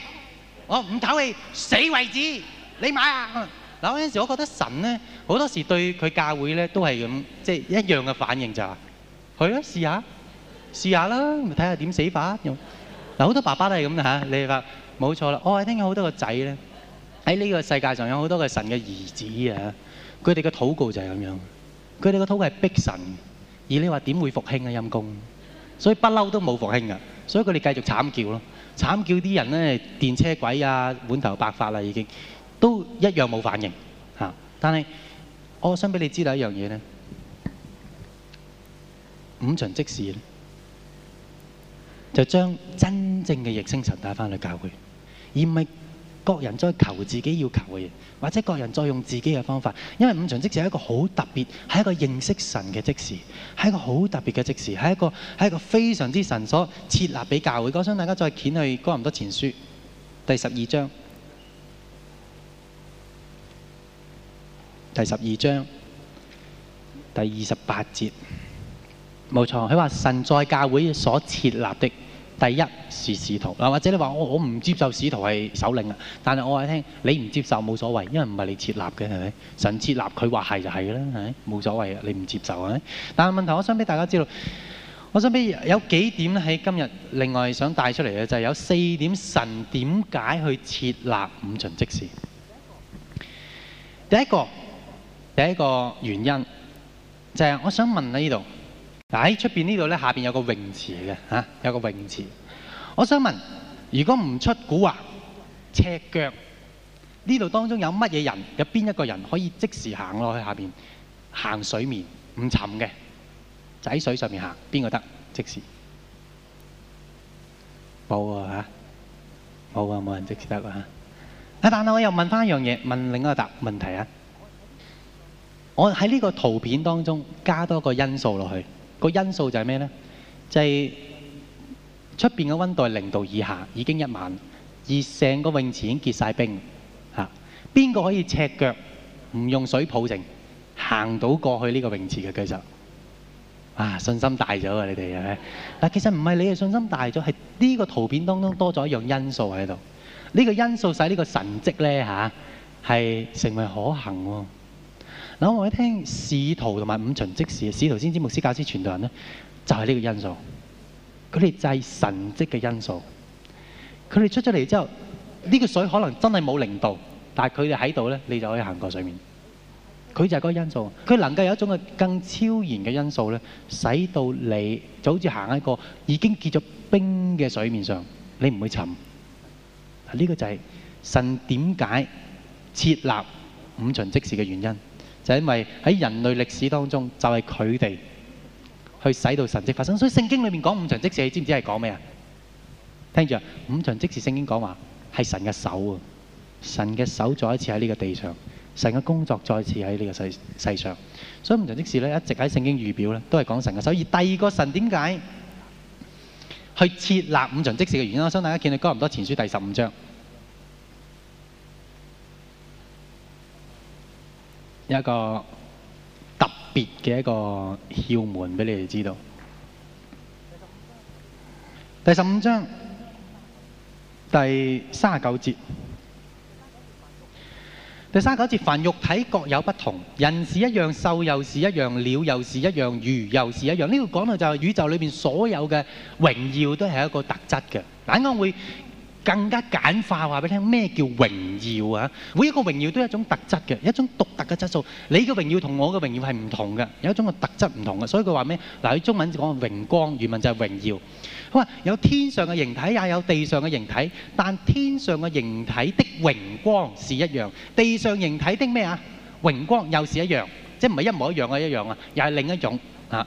我唔唞氣死為止，你買啊！嗱，有陣時，我覺得神咧好多時對佢教會咧都係咁，即係一樣嘅反應就係，去吖，試下，試下啦，咪睇下點死法。嗱，好多爸爸都係咁啦嚇，你話冇錯啦。我係聽講好多個仔咧，喺呢個世界上有好多個神嘅兒子啊，佢哋嘅禱告就係咁樣，佢哋嘅禱告係逼神，而你話點會復興啊？陰公，所以不嬲都冇復興噶，所以佢哋繼續慘叫咯，慘叫啲人咧，電車鬼啊，滿頭白髮啦已經。都一樣冇反應，嗯，但係我想俾你知道一樣嘢咧，五旬職事就將真正嘅逆星辰帶翻去教會，而唔係各人再求自己要求嘅嘢，或者各人再用自己嘅方法。因為五旬職事係一個好特別，係一個認識神嘅職事，係一個好特別嘅職事，係一個係一個非常之神所設立俾教會。我想大家再掀去哥林多前書第十二章。第十二章第二十八節冇錯，佢話神在教會所設立的第一是使徒嗱，或者你話我我唔接受使徒係首領啊，但係我話你聽，你唔接受冇所謂，因為唔係你設立嘅係咪神設立佢話係就係嘅啦，係冇所謂你唔接受啊。但係問題，我想俾大家知道，我想俾有幾點喺今日另外想帶出嚟嘅就係有四點神點解去設立五旬職事第一個。第一個原因，就係、是、我想問呢度。嗱喺出邊呢度呢，下邊有個泳池嘅嚇、啊，有個泳池。我想問，如果唔出古惑，赤腳呢度當中有乜嘢人？有邊一個人可以即時行落去下邊行水面，唔沉嘅，仔、就是、水上面行，邊個得？即時冇啊嚇，冇啊冇人即時得啊。但係我又問翻一樣嘢，問另一個答問題啊。我喺呢個圖片當中加多一個因素落去，個因素就係咩呢？就係出邊嘅溫度零度以下，已經一晚而成個泳池已經結晒冰。嚇、啊，邊個可以赤腳唔用水抱成行到過去呢個泳池嘅？其實啊，信心大咗啊！你哋係，但、啊、其實唔係你嘅信心大咗，係呢個圖片當中多咗一樣因素喺度。呢、呢個因素使呢個神蹟呢，嚇、啊、係成為可行喎、啊。嗱，我一聽使徒同埋五旬職事，使徒先知、牧師、教師、傳道人咧，就係、是、呢個因素。佢哋就係神蹟嘅因素。佢哋出咗嚟之後，呢、這個水可能真係冇零度，但係佢哋喺度咧，你就可以行過水面。佢就係嗰個因素。佢能夠有一種嘅更超然嘅因素咧，使到你就好似行喺個已經結咗冰嘅水面上，你唔會沉。呢個就係神點解設立五旬職事嘅原因。就因為喺人類歷史當中，就係佢哋去使到神蹟發生，所以聖經裏面講五旬職事，你知唔知係講咩啊？聽住五旬職事聖經講話係神嘅手啊，神嘅手再一次喺呢個地上，神嘅工作再一次喺呢個世世上，所以五旬職事咧一直喺聖經預表咧都係講神嘅手。而第二個神點解去設立五旬職事嘅原因，我想大家見到《哥林多前書》第十五章。一個特別嘅一個竅門俾你哋知道。第十五章第三十九節，第三十九節，凡肉體各有不同，人是一樣，獸又是一樣，鳥又是一樣，魚又是一樣。呢個講到就係宇宙裏面所有嘅榮耀都係一個特質嘅，硬硬會。更加簡化話俾你聽，咩叫榮耀啊？每一個榮耀都有一種特質嘅，一種獨特嘅質素。你嘅榮耀同我嘅榮耀係唔同嘅，有一種嘅特質唔同嘅。所以佢話咩？嗱，佢中文講嘅榮光，原文就係榮耀。佢話有天上嘅形體，也有地上嘅形體，但天上嘅形體的榮光是一樣，地上形體的咩啊？榮光又是一樣，即係唔係一模一樣嘅一樣啊，又係另一種啊。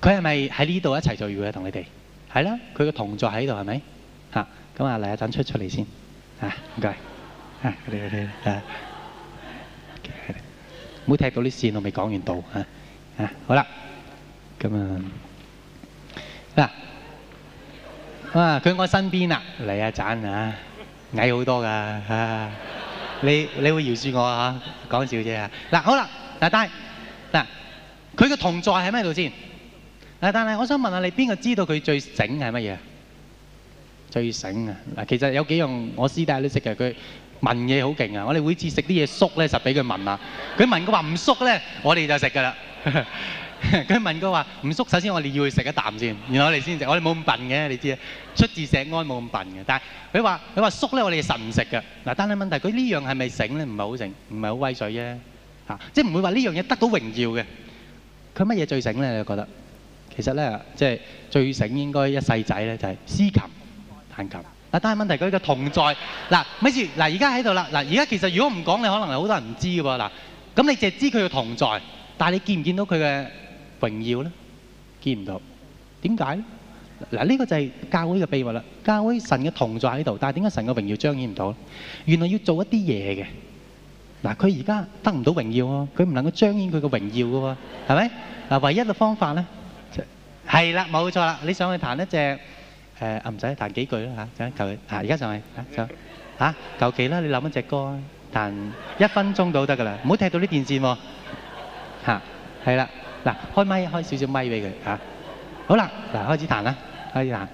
佢係咪喺呢度一齊聚會啊？同你哋，係啦，佢個同座喺度，係咪？嚇，咁啊，嚟阿展出出嚟先，嚇唔該，啊嚟嚟嚟，唔好踢到啲線，我未講完道嚇嚇，好啦，咁啊嗱啊，佢我身邊啊，嚟阿展啊，矮好多噶嚇，你你會饒恕我嚇，講笑啫啊，嗱好啦，嗱戴嗱，佢個同座喺咩度先？但係我想問下你，邊個知道佢最醒係乜嘢？最醒啊！嗱，其實有幾樣我師弟都識嘅。佢聞嘢好勁啊！我哋每次食啲嘢縮咧，就俾佢聞啊。佢聞佢話唔縮咧，我哋就食噶啦。佢聞佢話唔縮，首先我哋要食一啖先，然後我哋先食。我哋冇咁笨嘅，你知啊，出自石安冇咁笨嘅。但係佢話佢話縮咧，我哋實唔食噶。嗱，但係問題佢呢樣係咪醒咧？唔係好醒，唔係好威水啫。嚇，啊，即係唔會話呢樣嘢得到榮耀嘅。佢乜嘢最醒咧？你覺得？其實咧，即係最醒應該一世仔咧，就係司琴彈琴。嗱，但係問題佢嘅同在嗱，咪住嗱。而家喺度啦，嗱，而家其實如果唔講，你可能有好多人唔知㗎喎。嗱，咁你淨係知佢嘅同在，但係你見唔見到佢嘅榮耀咧？見唔到？點解咧？嗱，呢個就係教會嘅秘密啦。教會神嘅同在喺度，但係點解神嘅榮耀彰顯唔到咧？原來要做一啲嘢嘅嗱，佢而家得唔到榮耀喎，佢唔能夠彰顯佢嘅榮耀㗎喎，係咪？嗱，唯一嘅方法咧。係啦，冇錯啦，你上去彈一隻誒，唔使彈幾句啦嚇，就求，嚇而家上去嚇，嚇求其啦，你諗一隻歌啊，彈一分鐘都得噶啦，唔好踢到啲電線喎嚇，係啦，嗱開咪開少少咪俾佢嚇，好啦，嗱開始彈啦，開始彈，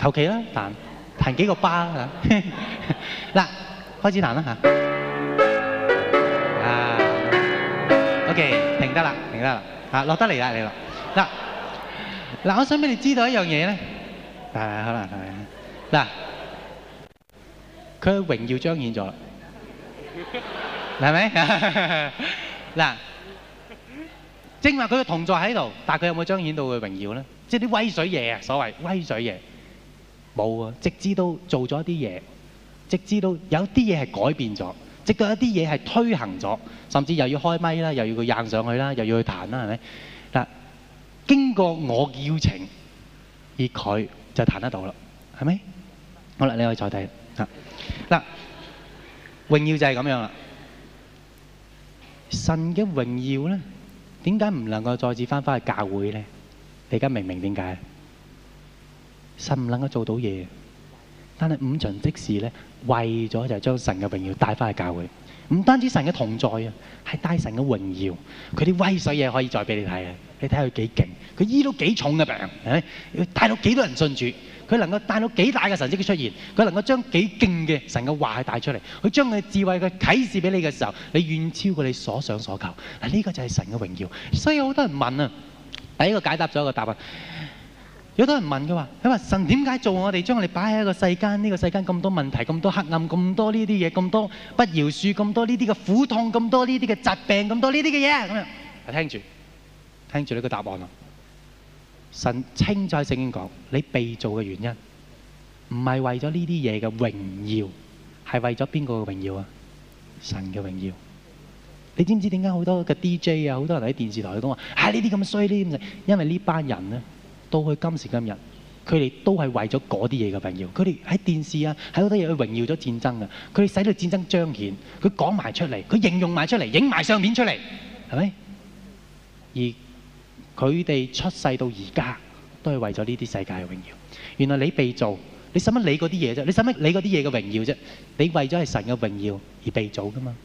求其啦彈，彈幾個巴啦嚇，嗱開始彈啦嚇，啊，OK 停得啦，停得啦嚇，落得嚟啦嚟啦，嗱。嗱，我想俾你知道一樣嘢咧，係啊，可能係嗱，佢嘅榮耀彰顯咗，係咪？ 嗱、啊，正話佢嘅同座喺度，但係佢有冇彰顯到佢榮耀咧？即係啲威水嘢啊，所謂威水嘢，冇啊。直至到做咗啲嘢，直至到有啲嘢係改變咗，直到一啲嘢係推行咗，甚至又要開咪啦，又要佢硬上去啦，又要去彈啦，係咪？經過我嘅邀請，而佢就彈得到啦，係咪？好啦，你可以坐低。嗱，榮耀就係咁樣啦。神嘅榮耀咧，點解唔能夠再次翻返去教會咧？你而家明唔明點解？神唔能夠做到嘢，但係五旬職事咧，為咗就將神嘅榮耀帶返去教會。唔單止神嘅同在啊，係帶神嘅榮耀，佢啲威水嘢可以再俾你睇啊！你睇佢幾勁，佢醫到幾重嘅病，係佢帶到幾多人信主？佢能夠帶到幾大嘅神跡嘅出現？佢能夠將幾勁嘅神嘅話帶出嚟？佢將佢智慧嘅啟示俾你嘅時候，你遠超過你所想所求。嗱，呢個就係神嘅榮耀。所以好多人問啊，第一個解答咗一個答案。有多人問嘅話，佢話神點解做我哋將我哋擺喺個世間？呢個世間咁多問題，咁多黑暗，咁多呢啲嘢，咁多不饒恕，咁多呢啲嘅苦痛，咁多呢啲嘅疾病，咁多呢啲嘅嘢咁樣。聽住。聽住呢個答案啊！神清喺聖經講，你被做嘅原因，唔係為咗呢啲嘢嘅榮耀，係為咗邊個嘅榮耀啊？神嘅榮耀。你知唔知點解好多嘅 DJ 啊，好多人喺電視台都講話啊呢啲咁衰呢啲咁，因為呢班人呢，到去今時今日，佢哋都係為咗嗰啲嘢嘅榮耀。佢哋喺電視啊，喺好多嘢去榮耀咗戰爭啊。佢哋使到戰爭彰顯，佢講埋出嚟，佢形容埋出嚟，影埋相片出嚟，係咪？而佢哋出世到而家都係為咗呢啲世界嘅榮耀。原來你被造，你使乜理嗰啲嘢啫？你使乜理嗰啲嘢嘅榮耀啫？你為咗係神嘅榮耀而被造噶嘛？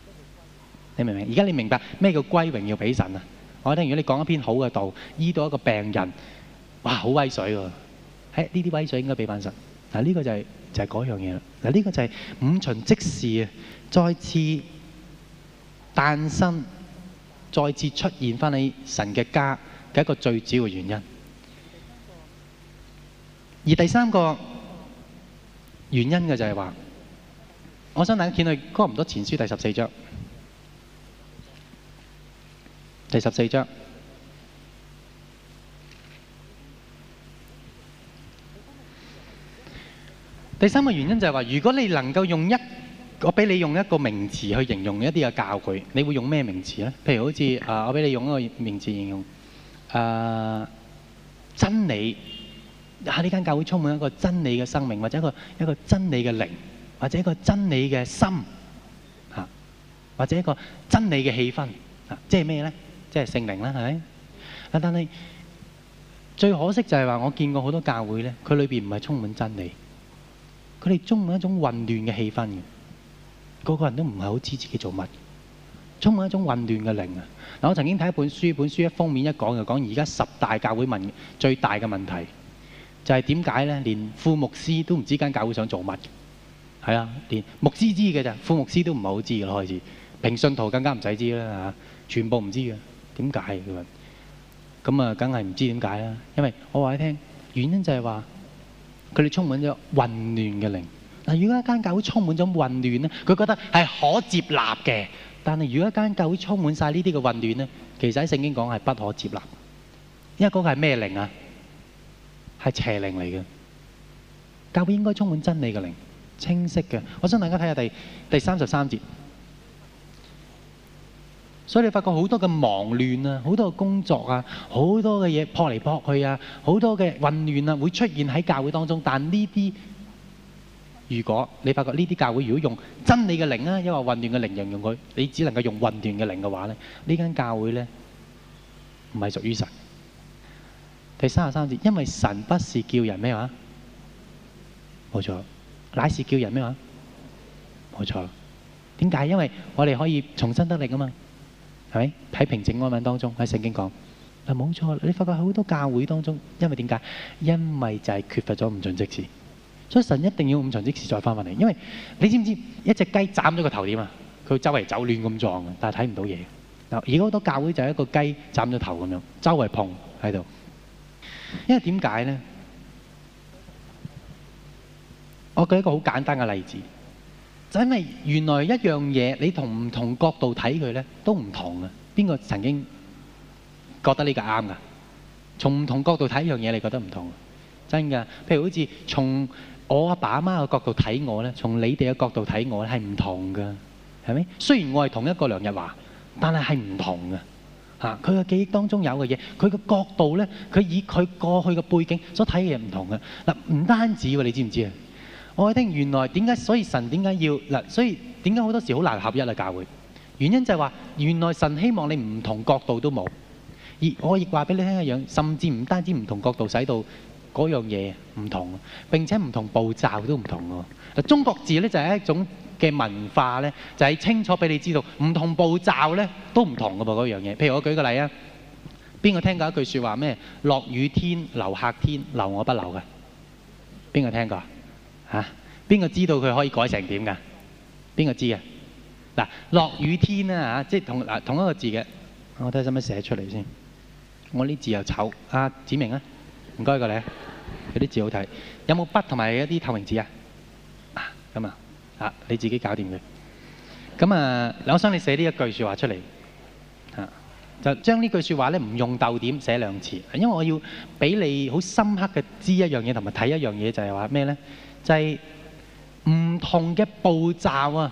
你明唔明？而家你明白咩叫歸榮耀俾神啊？我覺得如果你講一篇好嘅道，醫到一個病人，哇！好威水喎！誒，呢啲威水應該俾翻神嗱。呢個就係就係嗰樣嘢啦嗱。呢個就係五旬職事啊！再次誕生，再次出現翻喺神嘅家。嘅一個最主要原因，而第三個原因嘅就係話，我想大家見到佢講哥林多前書第十四章，第十四章，第三個原因就係話，如果你能夠用一，我俾你用一個名詞去形容一啲嘅教具，你會用咩名詞呢？譬如好似啊，我俾你用一個名詞形容。誒、啊、真理喺呢間教會充滿一個真理嘅生命，或者一個一個真理嘅靈，或者一個真理嘅心嚇、啊，或者一個真理嘅氣氛嚇、啊，即係咩咧？即係聖靈啦，係咪、啊？但係最可惜就係話我見過好多教會咧，佢裏邊唔係充滿真理，佢哋充滿一種混亂嘅氣氛嘅，個個人都唔係好知自己做乜。充滿一種混亂嘅靈啊！嗱，我曾經睇一本書，本書一封面一講就講而家十大教會問最大嘅問題，就係點解呢？連副牧師都唔知間教會想做乜，係啊，連牧師知嘅咋，副牧師都唔係好知嘅開始，平信徒更加唔使知啦嚇，全部唔知嘅點解？佢話。咁啊，梗係唔知點解啦。因為我話你聽，原因就係話佢哋充滿咗混亂嘅靈。嗱，如果一間教會充滿咗混亂咧，佢覺得係可接納嘅。但係如果一間教會充滿曬呢啲嘅混亂呢，其實喺聖經講係不可接納，因為嗰個係咩靈啊？係邪靈嚟嘅，教會應該充滿真理嘅靈，清晰嘅。我想大家睇下第第三十三節。所以你發覺好多嘅忙亂啊，好多嘅工作啊，好多嘅嘢撲嚟撲去啊，好多嘅混亂啊，會出現喺教會當中。但係呢啲如果你發覺呢啲教會如果用真理嘅靈啊，因為混亂嘅靈形容佢，你只能夠用混亂嘅靈嘅話咧，呢間教會咧唔係屬於神。第三十三節，因為神不是叫人咩話？冇錯，乃是叫人咩話？冇錯。點解？因為我哋可以重新得力啊嘛，係咪？喺平靜安穩當中，喺聖經講嗱，冇錯。你發覺好多教會當中，因為點解？因為就係缺乏咗五旬職事。所以神一定要五旬職事再翻翻嚟，因為你知唔知一隻雞斬咗個頭點啊？佢周圍走亂咁撞嘅，但係睇唔到嘢。嗱，而家好多教會就係一個雞斬咗頭咁樣，周圍碰喺度。因為點解咧？我舉一個好簡單嘅例子，就因為原來一樣嘢，你同唔同角度睇佢咧，都唔同嘅。邊個曾經覺得呢個啱噶？從唔同角度睇一樣嘢，你覺得唔同？真噶，譬如好似從。我阿爸阿媽嘅角度睇我呢，從你哋嘅角度睇我呢係唔同噶，係咪？雖然我係同一個梁日華，但係係唔同嘅嚇。佢嘅記憶當中有嘅嘢，佢嘅角度呢，佢以佢過去嘅背景所睇嘅嘢唔同嘅嗱，唔單止喎，你知唔知啊？我聽原來點解所以神點解要嗱，所以點解好多時好難合一啊教會？原因就係話原來神希望你唔同角度都冇，而我亦話俾你聽一樣，甚至唔單止唔同角度使到。嗰樣嘢唔同，並且唔同步驟都唔同喎。中國字呢就係一種嘅文化呢就係、是、清楚俾你知道，唔同步驟呢都唔同嘅噃嗰樣嘢。譬如我舉個例啊，邊個聽過一句說話咩？落雨天留客天留我不留嘅，邊個聽過？邊個、啊、知道佢可以改成點㗎？邊個知啊？嗱，落雨天啊即係同同一個字嘅，我睇下使唔使寫出嚟先。我呢字又醜，阿、啊、子明啊。唔該，你過你，有啲字好睇。有冇筆同埋一啲透明紙啊？咁啊，啊，啊，你自己搞掂佢。咁啊，我想你寫呢一句説話出嚟。嚇、啊，就將呢句説話咧，唔用逗點寫兩次，因為我要俾你好深刻嘅知一樣嘢同埋睇一樣嘢，就係話咩咧？就係、係、唔同嘅步驟啊！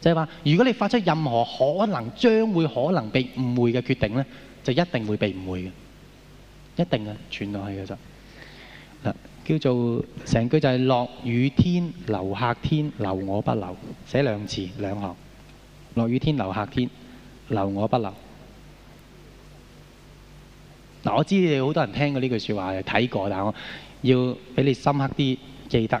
就係話，如果你發出任何可能將會可能被誤會嘅決定咧，就一定會被誤會嘅，一定呀，傳落去嘅啫嗱，叫做成句就係、是、落雨天留客天留我不留，寫兩次兩行，落雨天留客天留我不留。嗱、啊，我知道你哋好多人聽過呢句說話，睇過，但我要俾你深刻啲記得。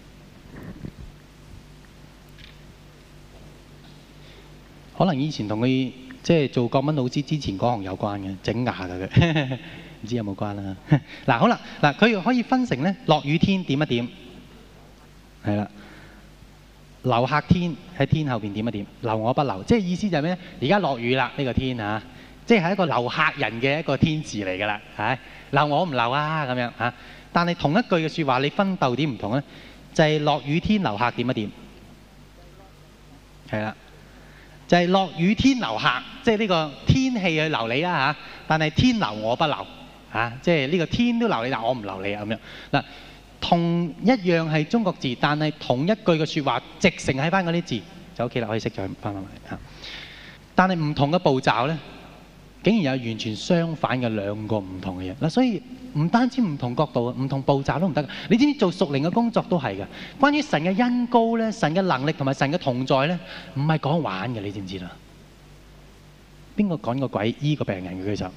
可能以前同佢即係做國文老師之前嗰行有關嘅整牙嘅佢，唔知有冇關啦。嗱好啦，嗱佢可以分成咧，落雨天點一點，係啦，留客天喺天後邊點一點，留我不留，即係意思就係咩？而家落雨啦，呢、這個天啊，即係一個留客人嘅一個天字嚟噶啦，係、啊、留我唔留啊咁樣啊。但係同一句嘅説話，你分鬥點唔同咧，就係、是、落雨天留客點一點，係啦。就係落雨天留客，即係呢個天氣去留你啦嚇。但係天留我不留嚇，即係呢個天都留你，但我唔留你啊咁樣嗱。同一樣係中國字，但係同一句嘅説話，直承喺翻嗰啲字就 OK 啦，可以識咗翻返嚟嚇。但係唔同嘅步驟咧，竟然有完全相反嘅兩個唔同嘅嘢嗱，所以。唔單止唔同角度啊，唔同步驟都唔得。你知唔知做屬靈嘅工作都係㗎。關於神嘅恩膏咧，神嘅能力同埋神嘅同在咧，唔係講玩嘅。你知唔知啦？邊個趕個鬼醫個病人嘅其實？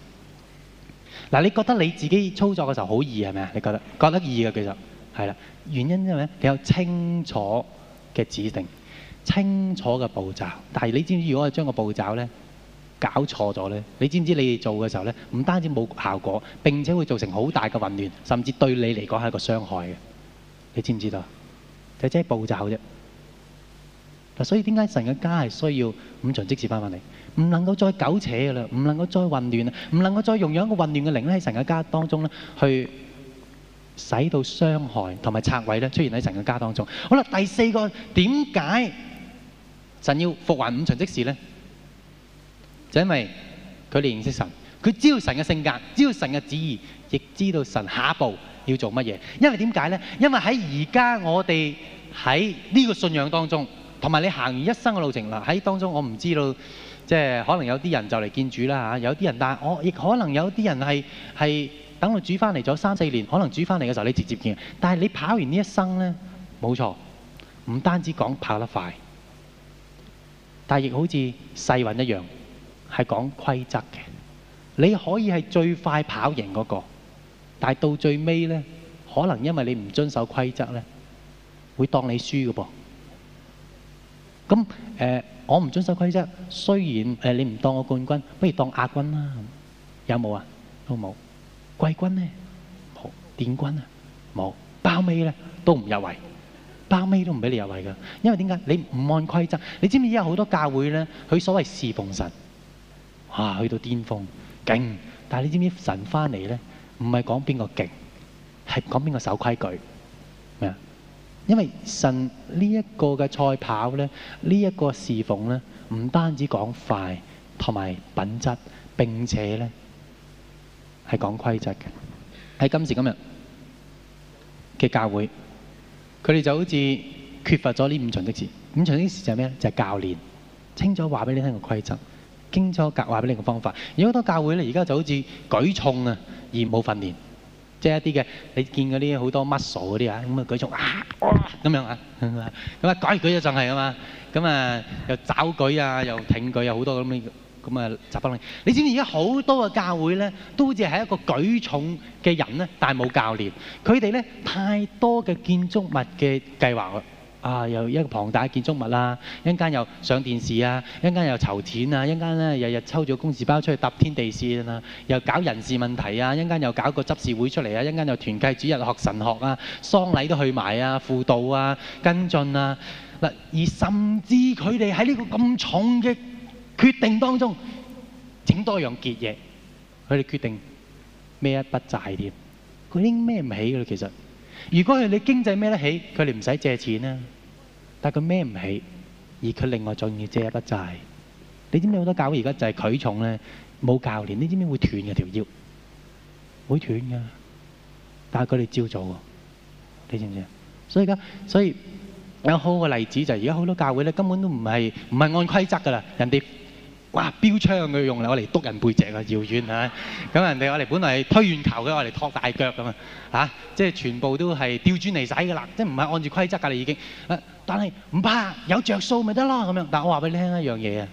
嗱，你覺得你自己操作嘅時候好易係咪啊？你覺得覺得易嘅其實係啦，原因因為咩？你有清楚嘅指定、清楚嘅步驟。但係你知唔知如果我將個步驟咧？搞錯咗咧，你知唔知你哋做嘅時候咧，唔單止冇效果，並且會造成好大嘅混亂，甚至對你嚟講係一個傷害嘅，你知唔知道？就係即係步驟啫。嗱，所以點解神嘅家係需要五旬職事翻返嚟，唔能夠再苟且嘅啦，唔能夠再混亂啊，唔能夠再容讓一個混亂嘅靈喺神嘅家當中咧，去使到傷害同埋拆毀咧出現喺神嘅家當中。好啦，第四個點解神要復還五旬職事咧？就因為佢哋認識神，佢知道神嘅性格，知道神嘅旨意，亦知道神下一步要做乜嘢。因為點解呢？因為喺而家我哋喺呢個信仰當中，同埋你行完一生嘅路程啦，喺當中我唔知道，即係可能有啲人就嚟見主啦吓，有啲人，但係我亦可能有啲人係係等到主返嚟咗三四年，可能主返嚟嘅時候你直接見。但係你跑完呢一生呢，冇錯，唔單止講跑得快，但係亦好似世運一樣。係講規則嘅，你可以係最快跑贏嗰、那個，但係到最尾咧，可能因為你唔遵守規則咧，會當你輸嘅噃。咁誒、呃，我唔遵守規則，雖然誒、呃、你唔當我冠軍，不如當亞軍啦。有冇啊？都冇季軍咧，冇殿軍啊？冇包尾咧都唔入圍，包尾都唔俾你入圍㗎。因為點解你唔按規則？你知唔知有好多教會咧？佢所謂侍奉神。啊！去到巔峰，勁！但係你知唔知神翻嚟呢？唔係講邊個勁，係講邊個守規矩。咩啊？因為神呢一個嘅賽跑呢，呢、這、一個侍奉呢，唔單止講快同埋品質，並且呢係講規則嘅。喺今時今日嘅教會，佢哋就好似缺乏咗呢五旬職事。五旬職事就係咩？就係、是、教練，清楚話俾你聽個規則，清楚教話俾你嘅方法，而好多教會咧，而家就好似舉重啊，而冇訓練，即係一啲嘅你見嗰啲好多 muscle 嗰啲啊，咁啊舉重啊，咁樣啊，咁啊改舉就係啊嘛，咁啊又抓舉啊，又挺舉，有好多咁嘅咁啊雜不亂。你知唔知而家好多嘅教會咧，都好似係一個舉重嘅人咧，但係冇教練，佢哋咧太多嘅建築物嘅計劃。啊！又一個龐大嘅建築物啦，一陣間又上電視啊，一陣間又籌錢啊，一陣間咧日日抽咗公事包出去搭天地線啊，又搞人事問題啊，一陣間又搞個執事會出嚟啊，一陣間又團契主日學神學啊，喪禮都去埋啊，輔導啊，跟進啊，嗱，而甚至佢哋喺呢個咁重嘅決定當中，整多樣結嘢，佢哋決定孭一筆債添，佢應孭唔起㗎啦。其實，如果係你經濟孭得起，佢哋唔使借錢啦。但佢孭唔起，而佢另外仲要借一筆債。你知唔知好多教會而家就係舉重咧冇教練，你知唔知會斷嘅條腰？會斷嘅，但係佢哋朝早做，你知唔知？所以而家所以有好嘅例子就係而家好多教會咧根本都唔係唔係按規則噶啦，人哋。哇！標槍佢用嚟我嚟督人背脊啊，遙遠嚇！咁、啊、人哋我嚟本來推遠球嘅，我嚟拖大腳咁啊嚇、啊！即係全部都係掉轉嚟使噶啦，即係唔係按住規則㗎啦已經。啊、但係唔怕，有着數咪得啦。咁樣。但我話俾你聽一樣嘢啊！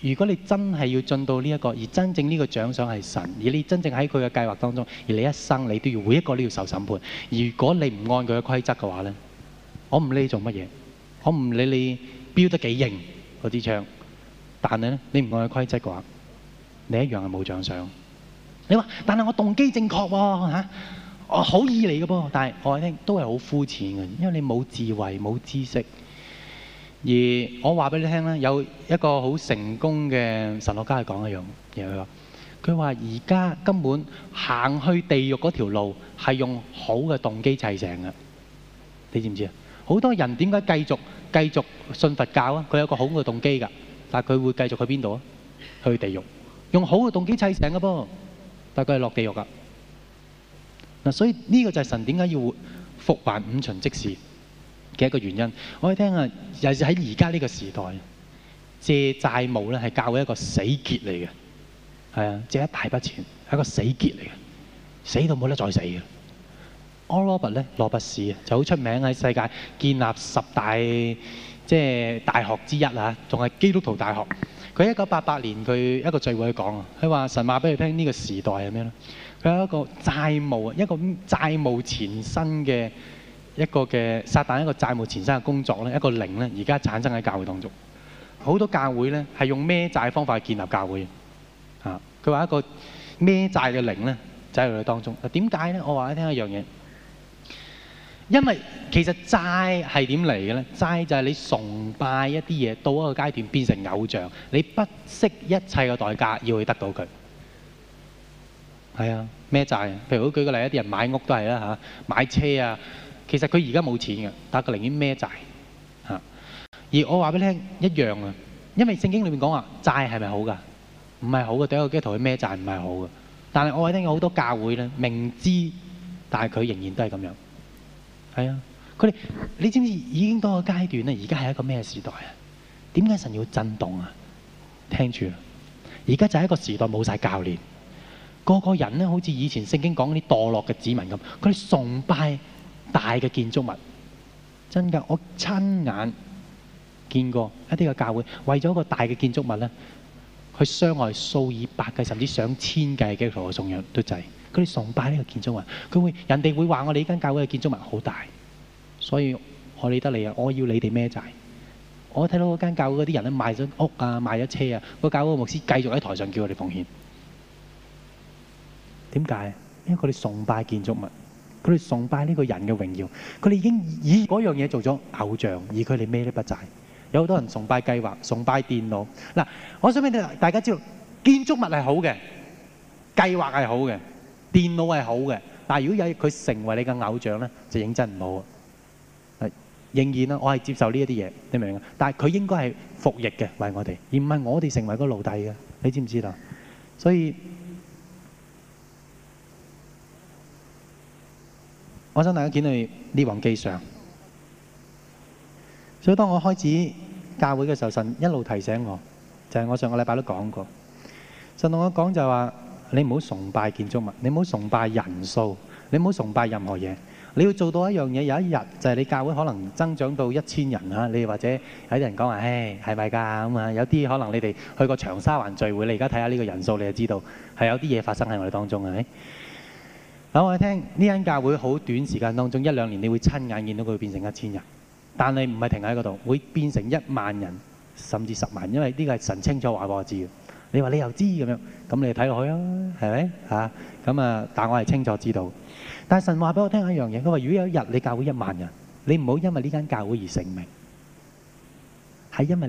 如果你真係要進到呢、這、一個，而真正呢個獎賞係神，而你真正喺佢嘅計劃當中，而你一生你都要每一個都要受審判。如果你唔按佢嘅規則嘅話咧，我唔理你做乜嘢，我唔理你標得幾型嗰支槍。但係咧，你唔按規則嘅話，你一樣係冇獎賞。你話，但係我動機正確喎嚇，我好意嚟嘅噃。但係我聽都係好膚淺嘅，因為你冇智慧、冇知識。而我話俾你聽咧，有一個好成功嘅神學家係講一樣嘢咯。佢話，佢話：而家根本行去地獄嗰條路係用好嘅動機砌成嘅。你知唔知啊？好多人點解繼續繼續信佛教啊？佢有個好嘅動機㗎。但佢會繼續去邊度啊？去地獄，用好嘅動機砌成嘅噃，但佢係落地獄㗎。嗱，所以呢個就係神點解要復還五旬職事嘅一個原因。我哋聽下，尤其喺而家呢個時代，借債務咧係教一個死結嚟嘅，係啊，借一大筆錢係一個死結嚟嘅，死到冇得再死嘅。Albert 咧，羅伯士啊，就好出名喺世界建立十大。即係大學之一啊，仲係基督徒大學。佢一九八八年佢一個聚會講啊，佢話神話俾你聽呢個時代係咩呢？佢有一個債務，一個債務前身嘅一個嘅撒旦，一個債務前身嘅工作呢，一個靈呢，而家產生喺教會當中。好多教會呢係用咩債方法去建立教會啊。佢話一個咩債嘅靈呢，就喺佢當中。點解呢？我話你聽一樣嘢。因為其實債係點嚟嘅呢？債就係你崇拜一啲嘢，到一個階段變成偶像，你不惜一切嘅代價要去得到佢。係啊，孭債。譬如舉個例，一啲人買屋都係啦嚇，買車啊。其實佢而家冇錢嘅，但係佢寧願孭債嚇。而我話俾你聽一樣啊，因為聖經裏面講話債係咪好噶？唔係好嘅。第一個基督徒去孭債唔係好嘅，但係我係聽好多教會咧，明知但係佢仍然都係咁樣。係啊，佢哋你知唔知已經多個階段咧？而家係一個咩時代啊？點解神要震動啊？聽住啦，而家就係一個時代冇晒教練，個個人咧好似以前聖經講嗰啲墮落嘅子民咁，佢哋崇拜大嘅建築物。真㗎，我親眼見過一啲嘅教會為咗一個大嘅建築物咧，去傷害數以百計甚至上千計嘅基督徒嘅信仰都制。佢哋崇拜呢個建築物，佢會人哋會話我哋呢間教會嘅建築物好大，所以我理得你啊！我要你哋孭債。我睇到嗰間教會嗰啲人咧賣咗屋啊，賣咗車啊，個教會牧師繼續喺台上叫我哋奉獻。點解？因為佢哋崇拜建築物，佢哋崇拜呢個人嘅榮耀，佢哋已經以嗰樣嘢做咗偶像，而佢哋孭呢筆債。有好多人崇拜計劃，崇拜電腦。嗱，我想俾你大，大家知道，建築物係好嘅，計劃係好嘅。電腦係好嘅，但係如果有佢成為你嘅偶像咧，就認真唔好。係，仍然啦，我係接受呢一啲嘢，你明唔明？但係佢應該係服役嘅，為我哋，而唔係我哋成為個奴隸嘅。你知唔知道？所以我想大家見到呢《列王記上》。所以當我開始教會嘅時候，神一路提醒我，就係我上個禮拜都講過。神同我講就話。你唔好崇拜建築物，你唔好崇拜人數，你唔好崇拜任何嘢。你要做到一樣嘢，有一日就係你教會可能增長到一千人啊！你或者有啲人講話，唉，係咪㗎？咁啊，有啲可能你哋去過長沙灣聚會，你而家睇下呢個人數，你就知道係有啲嘢發生喺我哋當中啊？係咪？諗我哋聽呢間教會好短時間當中一兩年，你會親眼見到佢變成一千人，但係唔係停喺嗰度，會變成一萬人甚至十萬人，因為呢個係神清楚話過我知嘅。你話你又知咁樣，咁你睇落去咯，係咪啊？咁啊，但我係清楚知道。但神話俾我聽一樣嘢，佢話：如果有一日你教會一萬人，你唔好因為呢間教會而成名，係因為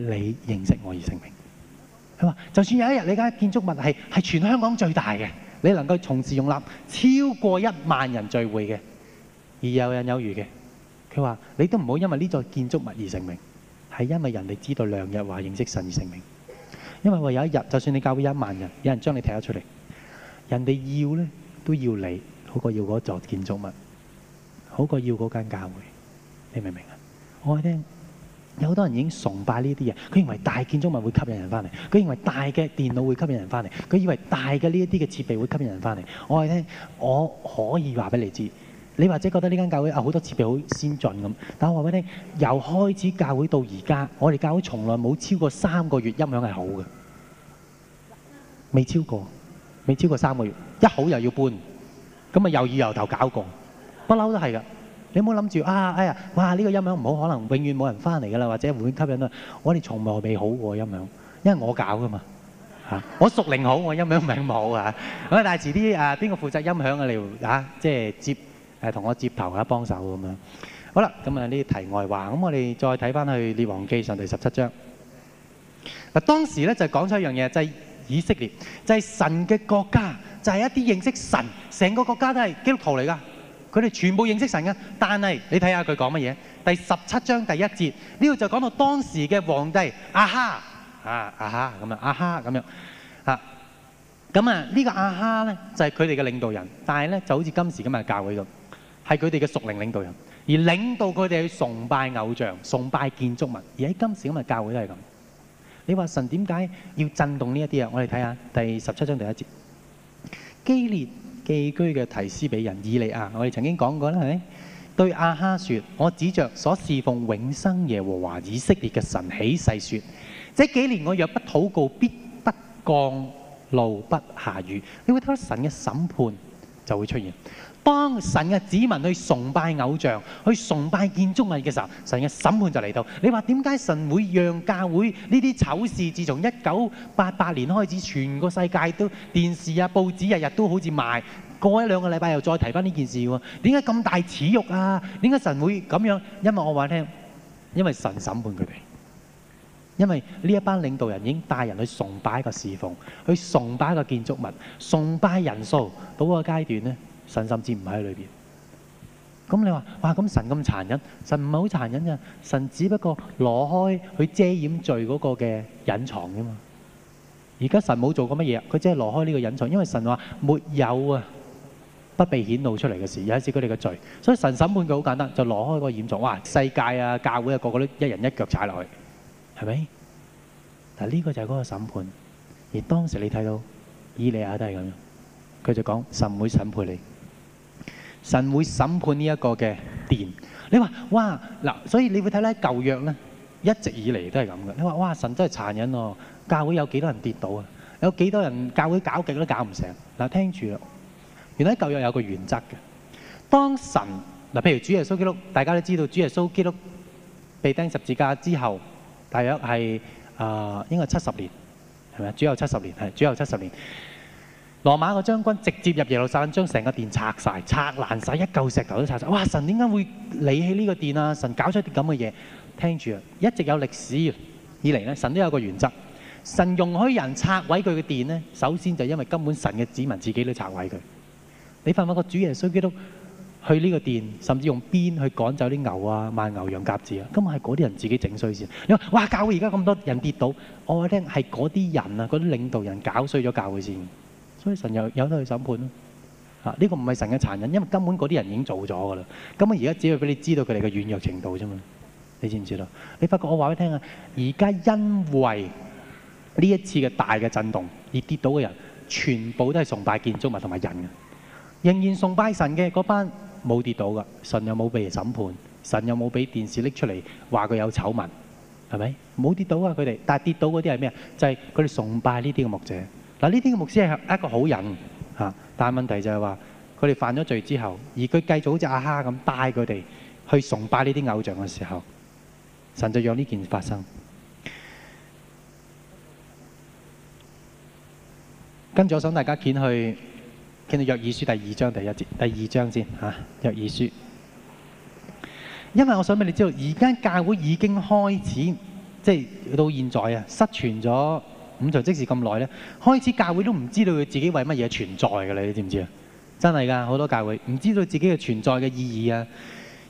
你認識我而成名。佢話：就算有一日你間建築物係係全香港最大嘅，你能夠同時容納超過一萬人聚會嘅，而有刃有餘嘅，佢話你都唔好因為呢座建築物而成名，係因為人哋知道梁日華認識神而成名。因為有一日，就算你教會有一萬人，有人將你踢咗出嚟，人哋要呢，都要你，好過要嗰座建築物，好過要嗰間教會，你明唔明啊？我係聽有好多人已經崇拜呢啲嘢，佢認為大建築物會吸引人翻嚟，佢認為大嘅電腦會吸引人翻嚟，佢以為大嘅呢一啲嘅設備會吸引人翻嚟。我係聽我可以話俾你知。你或者覺得呢間教會啊，好多設備好先進，但我話俾你聽，由開始教會到而家，我哋教會從來冇超過三個月音響係好嘅，未超過，未超過三個月，一好又要搬，咁啊又要由頭搞過，不嬲都係噶。你唔好諗住啊，哎呀，哇呢、這個音響唔好，可能永遠冇人返嚟㗎喇，或者會不會吸引，我哋從來未好過音響，因為我搞㗎嘛、啊、我熟靈好，我音響咪冇好咁啊，但係遲啲啊，邊個負責音響你啊？嚟接。誒，同我接頭啊，幫手咁樣。好啦，咁啊呢啲題外話。咁我哋再睇翻去《列王記》上第十七章。嗱，當時咧就講咗一樣嘢，就係以色列，就係神嘅國家，就係一啲認識神，成個國家都係基督徒嚟噶。佢哋全部認識神㗎。但係你睇下佢講乜嘢？第十七章第一節，呢度就講到當時嘅皇帝阿哈啊，阿哈咁樣，阿哈咁樣嚇。咁啊，呢個阿哈咧就係佢哋嘅領導人，但係咧就好似今時今日教會咁，係佢哋嘅屬靈領導人，而領導佢哋去崇拜偶像、崇拜建築物，而喺今時今日教會都係咁。你話神點解要震動呢一啲啊？我哋睇下第十七章第一節，基列寄居嘅提斯比人以利亞，我哋曾經講過啦，係咪對亞哈説：我指着所侍奉永生耶和華以色列嘅神起誓説，這幾年我若不禱告，必不降露，不下雨。你會睇到神嘅審判就會出現。當神嘅子民去崇拜偶像、去崇拜建築物嘅時候，神嘅審判就嚟到。你話點解神會讓教會呢啲醜事？自從一九八八年開始，全個世界都電視啊、報紙日、啊、日都好似賣過一兩個禮拜，又再提翻呢件事喎、啊？點解咁大恥辱啊？點解神會咁樣？因為我話聽，因為神審判佢哋，因為呢一班領導人已經帶人去崇拜一個侍奉、去崇拜一個建築物、崇拜人數到個階段呢。神甚至唔喺裏邊，咁你話哇，咁神咁殘忍？神唔係好殘忍嘅，神只不過攞開佢遮掩罪嗰個嘅隱藏啫嘛。而家神冇做過乜嘢，佢只係攞開呢個隱藏，因為神話沒有啊，不被顯露出嚟嘅事，有一次佢哋嘅罪，所以神審判佢好簡單，就攞開嗰個隱藏。哇，世界啊，教會啊，個個都一人一腳踩落去，係咪？嗱，呢個就係嗰個審判，而當時你睇到伊利亞都係咁樣，佢就講神會審判你。神會審判呢一個嘅殿。你話哇嗱，所以你會睇咧舊約咧，一直以嚟都係咁嘅。你話哇，神真係殘忍哦！教會有幾多人跌倒啊？有幾多人教會搞極都搞唔成嗱。聽住啦，原來喺舊約有個原則嘅。當神嗱，譬如主耶穌基督，大家都知道，主耶穌基督被釘十字架之後，大約係啊、呃，應該係七十年，係咪？主後七十年係，主後七十年。羅馬個將軍直接入耶路撒冷，將成個殿拆晒，拆爛晒，一嚿石頭都拆晒。哇！神點解會理起呢個殿啊？神搞出啲咁嘅嘢，聽住啊，一直有歷史以嚟呢，神都有個原則。神容許人拆毀佢嘅殿呢。首先就因為根本神嘅子民自己都拆毀佢。你發唔發覺主耶穌基督去呢個殿，甚至用鞭去趕走啲牛啊、賣牛羊、夾子啊？根本係嗰啲人自己整衰先。你話哇，教會而家咁多人跌倒，我聽係嗰啲人啊，嗰啲領導人搞衰咗教會先。神又有得去審判咯，啊！呢個唔係神嘅殘忍，因為根本嗰啲人已經做咗㗎啦。咁啊，而家只係俾你知道佢哋嘅軟弱程度啫嘛。你知唔知道？你發覺我話俾你聽啊，而家因為呢一次嘅大嘅震動而跌倒嘅人，全部都係崇拜建築物同埋人嘅，仍然崇拜神嘅嗰班冇跌倒嘅，神又冇被審判，神又冇俾電視拎出嚟話佢有醜聞，係咪？冇跌倒啊！佢哋，但係跌倒嗰啲係咩啊？就係佢哋崇拜呢啲嘅牧者。嗱，呢啲牧師係一個好人，但問問題就係話佢哋犯咗罪之後，而佢繼續好似亞哈咁帶佢哋去崇拜呢啲偶像嘅時候，神就讓呢件事發生。跟住我想大家看去卷到約珥書第二章第一節，第二章先嚇、啊、約珥書。因為我想俾你知道，而家教會已經開始即係到現在、啊、失傳咗。咁就即使咁耐咧，開始教會都唔知道佢自己為乜嘢存在嘅。你知唔知啊？真係㗎，好多教會唔知道自己嘅存在嘅意義啊，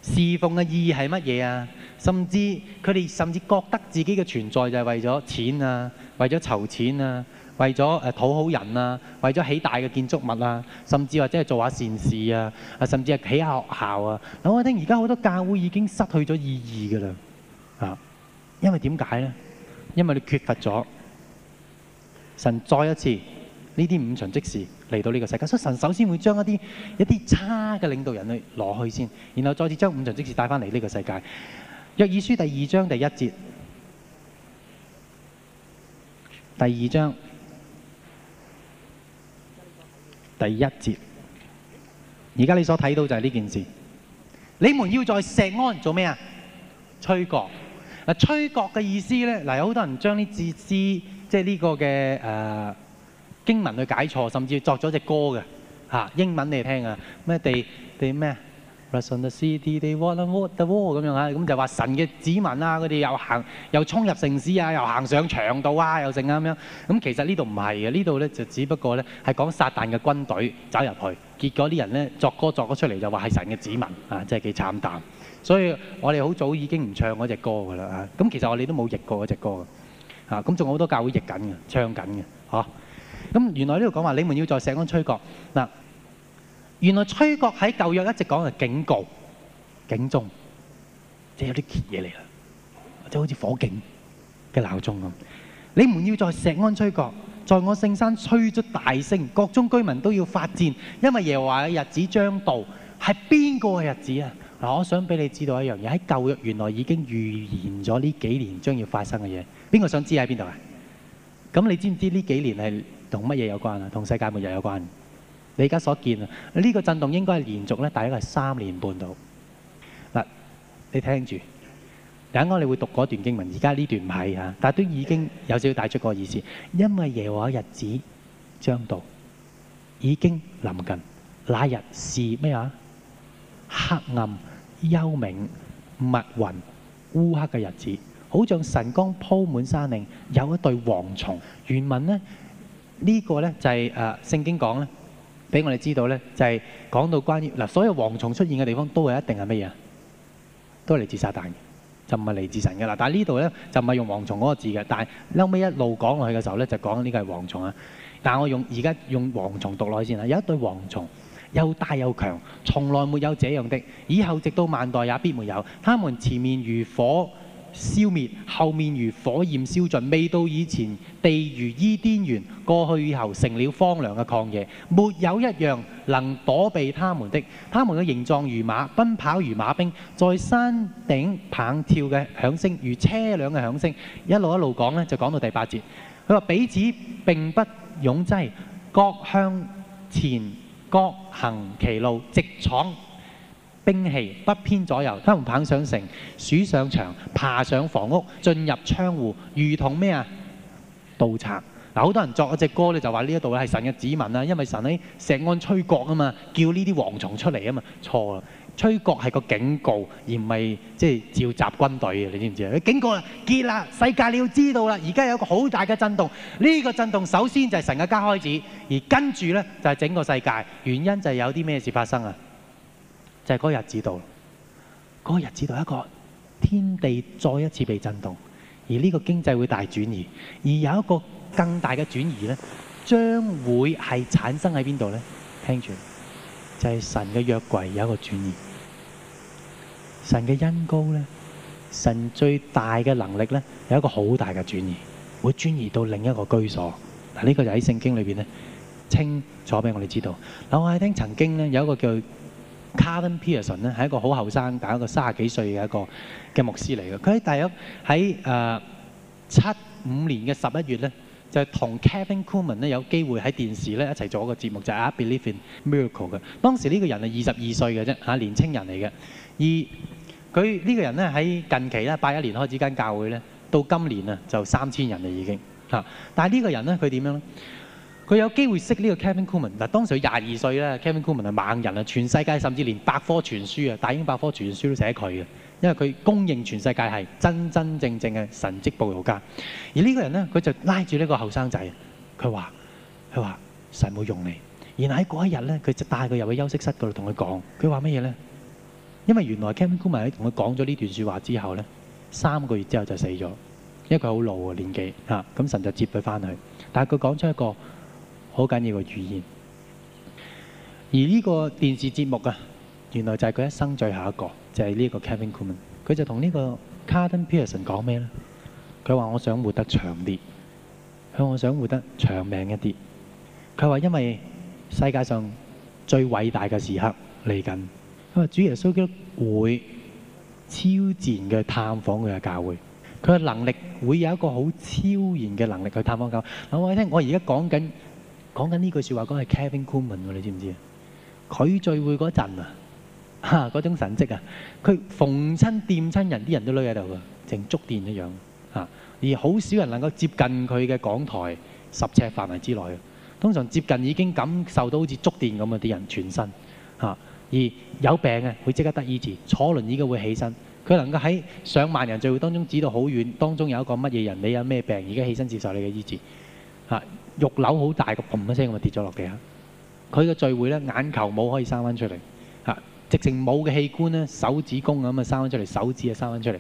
侍奉嘅意義係乜嘢啊？甚至佢哋甚至覺得自己嘅存在就係為咗錢啊，為咗籌錢啊，為咗誒討好人啊，為咗起大嘅建築物啊，甚至或者係做下善事啊，甚至係起下學校啊。我覺得而家好多教會已經失去咗意義㗎啦啊！因為點解咧？因為你缺乏咗。神再一次呢啲五旬職事嚟到呢個世界，所以神首先會將一啲一啲差嘅領導人去攞去先，然後再次將五旬職事帶翻嚟呢個世界。約珥書第二章第一節，第二章第一節。而家你所睇到就係呢件事。你們要在錫安做咩啊？吹角。嗱，吹角嘅意思咧，嗱好多人將啲字絲。即係呢個嘅誒經文去解錯，甚至作咗隻歌嘅嚇英文你哋聽啊咩地地咩？Resonance city they walk the wall 咁樣啊，咁就話神嘅子民啊，佢哋又行又衝入城市啊，又行上牆度啊，又剩啊咁樣。咁其實呢度唔係嘅，呢度咧就只不過咧係講撒但嘅軍隊走入去，結果啲人咧作歌作咗出嚟，就話係神嘅子民啊，真係幾慘淡。所以我哋好早已經唔唱嗰隻歌㗎啦啊！咁其實我哋都冇譯過嗰隻歌。嚇！咁仲有好多教會譯緊嘅，唱緊嘅，嚇！咁原來呢度講話，你們要在錫安吹角。嗱，原來吹角喺舊約一直講係警告、警鐘，即係有啲嘢嚟啦，即係好似火警嘅鬧鐘咁。你們要在錫安吹角，在我聖山吹出大聲，國中居民都要發顫，因為耶和華嘅日子將到。係邊個嘅日子啊？嗱，我想俾你知道一樣嘢，喺舊約原來已經預言咗呢幾年將要發生嘅嘢。邊個想知喺邊度啊？咁你知唔知呢幾年係同乜嘢有關啊？同世界末日有，有關。你而家所見啊，呢、呢個震動應該係連續咧，大概係三年半到。嗱，你聽住。等我哋會讀嗰段經文，而家呢段唔係啊，但係都已經有少少帶出個意思。因為耶和華的日子將到，已經臨近。那日是咩啊？黑暗、幽冥、密雲、烏黑嘅日子。好像晨光鋪滿山嶺，有一對蝗蟲。原文咧呢、這個呢，就係、是、誒、啊、聖經講咧，俾我哋知道呢，就係、是、講到關於嗱、啊，所有蝗蟲出現嘅地方都係一定係乜嘢？都係嚟自撒旦嘅，就唔係嚟自神嘅啦、啊。但係呢度呢，就唔係用蝗蟲嗰個字嘅，但係後尾一路講落去嘅時候呢，就講呢個係蝗蟲啊。但係我用而家用蝗蟲讀落去先啦。有一對蝗蟲又大又強，從來沒有這樣的，以後直到萬代也必沒有。他們前面如火。消滅，後面如火焰燒盡，未到以前地如伊甸園，過去以後成了荒涼嘅曠野，沒有一樣能躲避他們的。他們嘅形狀如馬，奔跑如馬兵，在山頂蹦跳嘅響聲如車輛嘅響聲，一路一路講呢，就講到第八節。佢話彼此並不擁擠，各向前，各行其路直，直闖。兵器不偏左右，他們棒上城，鼠上牆，爬上房屋，進入窗戶，如同咩啊盜賊。嗱、啊，好多人作一隻歌咧，就話呢一度咧係神嘅指紋啦，因為神喺錫安吹角啊嘛，叫呢啲蝗蟲出嚟啊嘛，錯啦！吹角係個警告，而唔係即係召集軍隊嘅，你知唔知啊？警告啊！結啦，世界你要知道啦，而家有個好大嘅震動，呢、這個震動首先就係神嘅家開始，而跟住咧就係、是、整個世界，原因就係有啲咩事發生啊！就係嗰個日子到，嗰、那個、日子到，一個天地再一次被震動，而呢個經濟會大轉移，而有一個更大嘅轉移呢，將會係產生喺邊度呢？聽住，就係、是、神嘅約櫃有一個轉移，神嘅恩膏呢，神最大嘅能力呢，有一個好大嘅轉移，會轉移到另一個居所。嗱，呢個就喺聖經裏邊呢，清楚俾我哋知道。嗱，我喺聽曾經呢，有一個叫 Carlton Pearson 咧係一個好後生，但係一個三十幾歲嘅一個嘅牧師嚟嘅。佢喺大約喺誒七五年嘅十一月咧，就係同 Kevin Coolman 咧有機會喺電視咧一齊做一個節目，就係、是、Believe in Miracle 嘅。當時呢個人係二十二歲嘅啫，嚇、啊、年青人嚟嘅。而佢呢個人咧喺近期咧八一年開始間教會咧，到今年啊就三千人啊已經嚇、啊。但係呢個人咧佢點樣咧？佢有機會識呢個 c a v i n c o l m a n 嗱，當時佢廿二歲啦。c a v i n c o l m a n 係盲人啊，全世界甚至連百科全書啊、大英百科全書都寫佢嘅，因為佢公認全世界係真真正正嘅神蹟報導家。而呢個人咧，佢就拉住呢個後生仔，佢話，佢話，神冇用你。然後喺嗰一日咧，佢就帶佢入去休息室嗰度同佢講，佢話乜嘢咧？因為原來 c a v i n c o l m a n 喺同佢講咗呢段説話之後咧，三個月之後就死咗，因為佢好老啊年紀嚇，咁神就接佢返去。但係佢講出一個。好緊要嘅語言，而呢個電視節目啊，原來就係佢一生最後一個，就係呢個 Kevin Cooman。佢就同呢個 Carden Pearson 講咩咧？佢話：我想活得長啲，佢話我想活得長命一啲。佢話因為世界上最偉大嘅時刻嚟緊，佢話主耶穌基督會超自然嘅探訪佢嘅教會，佢嘅能力會有一個好超然嘅能力去探訪教會。嗱，我哋聽，我而家講緊。講緊呢句說話講係 Kathryn Kuhlman 你知唔知啊？佢聚會嗰陣啊，嗰種神跡啊！佢逢親掂親人，啲人都匿喺度㗎，成觸電一樣，啊、而好少人能夠接近佢嘅講台十尺範圍之內，通常接近已經感受到好似觸電咁啊！啲人全身，啊、而有病啊，會即刻得醫治，坐輪椅嘅會起身。佢能夠喺上萬人聚會當中指到好遠，當中有一個乜嘢人，你有咩病，而家起身接受你嘅醫治肉瘤好大個，嘭一聲咁啊跌咗落地下。佢嘅聚會咧，眼球冇可以生翻出嚟嚇，直情冇嘅器官咧，手指公咁啊生翻出嚟，手指啊生翻出嚟，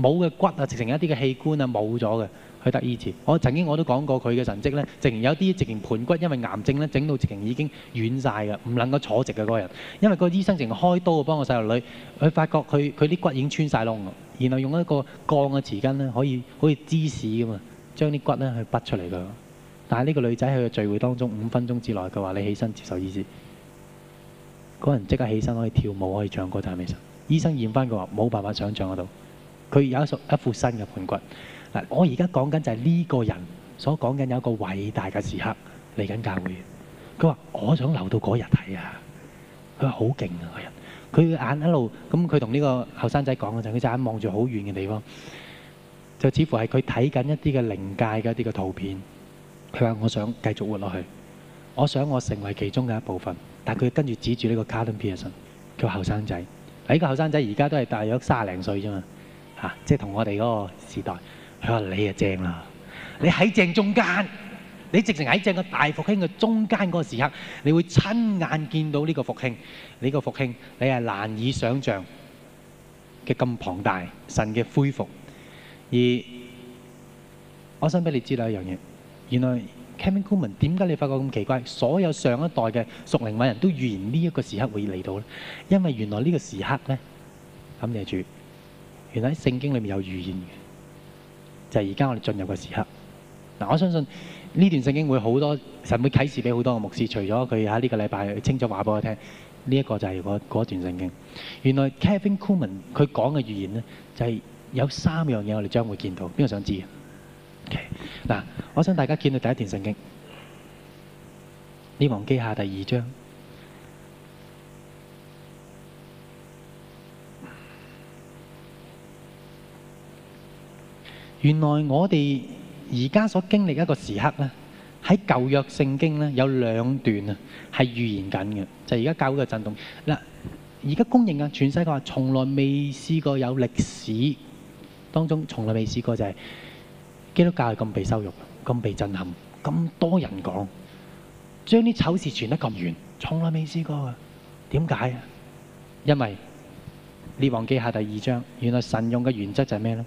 冇嘅骨啊，直情一啲嘅器官啊冇咗嘅。佢得以前，我曾經我都講過佢嘅神跡咧，直情有啲直情盤骨，因為癌症咧整到直情已經軟晒嘅，唔能夠坐直嘅嗰個人，因為個醫生直情開刀啊幫個細路女，佢發覺佢佢啲骨已經穿晒窿，然後用一個鋼嘅匙羹咧可以好似芝士咁啊，將啲骨咧去拔出嚟㗎。但係呢個女仔喺個聚會當中，五分鐘之內佢話，你起身接受醫治，嗰人即刻起身可以跳舞，可以唱歌就係咩事？醫生驗翻佢話冇辦法想象得到。佢有一副一副新嘅盤骨。嗱，我而家講緊就係呢個人所講緊有一個偉大嘅時刻嚟緊教會。佢話：我想留到嗰日睇啊！佢話好勁啊！嗰人，佢眼一路咁，佢同呢個後生仔講嗰陣，佢隻眼望住好遠嘅地方，就似乎係佢睇緊一啲嘅靈界嘅一啲嘅圖片。佢話：我想繼續活落去，我想我成為其中嘅一部分。但係佢跟住指住呢個卡頓皮爾遜，佢話後生仔，呢個後生仔而家都係大約卅零歲啫嘛，嚇，即係同我哋嗰個時代。佢話你啊正啦，你喺正中間，你直情喺正個大復興嘅中間嗰個時刻，你會親眼見到呢個復興，呢個復興你係難以想像嘅咁龐大，神嘅恢復。而我想俾你知道一樣嘢。原來 Kathryn Kuhlman，點解你發覺咁奇怪？所有上一代嘅屬靈偉人都預言呢一個時刻會嚟到咧，因為原來呢個時刻咧，感謝主，原來喺聖經裏面有預言嘅，就係而家我哋進入嘅時刻。嗱，我相信呢段聖經會好多神會啟示俾好多嘅牧師，除咗佢喺呢個禮拜清楚話俾我聽，呢一個就係嗰嗰一段聖經。原來 Kathryn Kuhlman 佢講嘅預言咧，就係有三樣嘢我哋將會見到。邊個想知？嗱、okay，我想大家見到第一段聖經，你忘記下第二章。原來我哋而家所經歷嘅一個時刻咧，喺舊約聖經咧有兩段啊，係預言緊嘅，就係而家教會嘅震動。嗱，而家公認啊，全世界從來未試過有歷史當中從來未試過就係、是。基督教係咁被羞辱，咁被震撼，咁多人講，將啲醜事傳得咁遠，從來未試過噶。點解啊？因為列王記下第二章，原來神用嘅原則就係咩咧？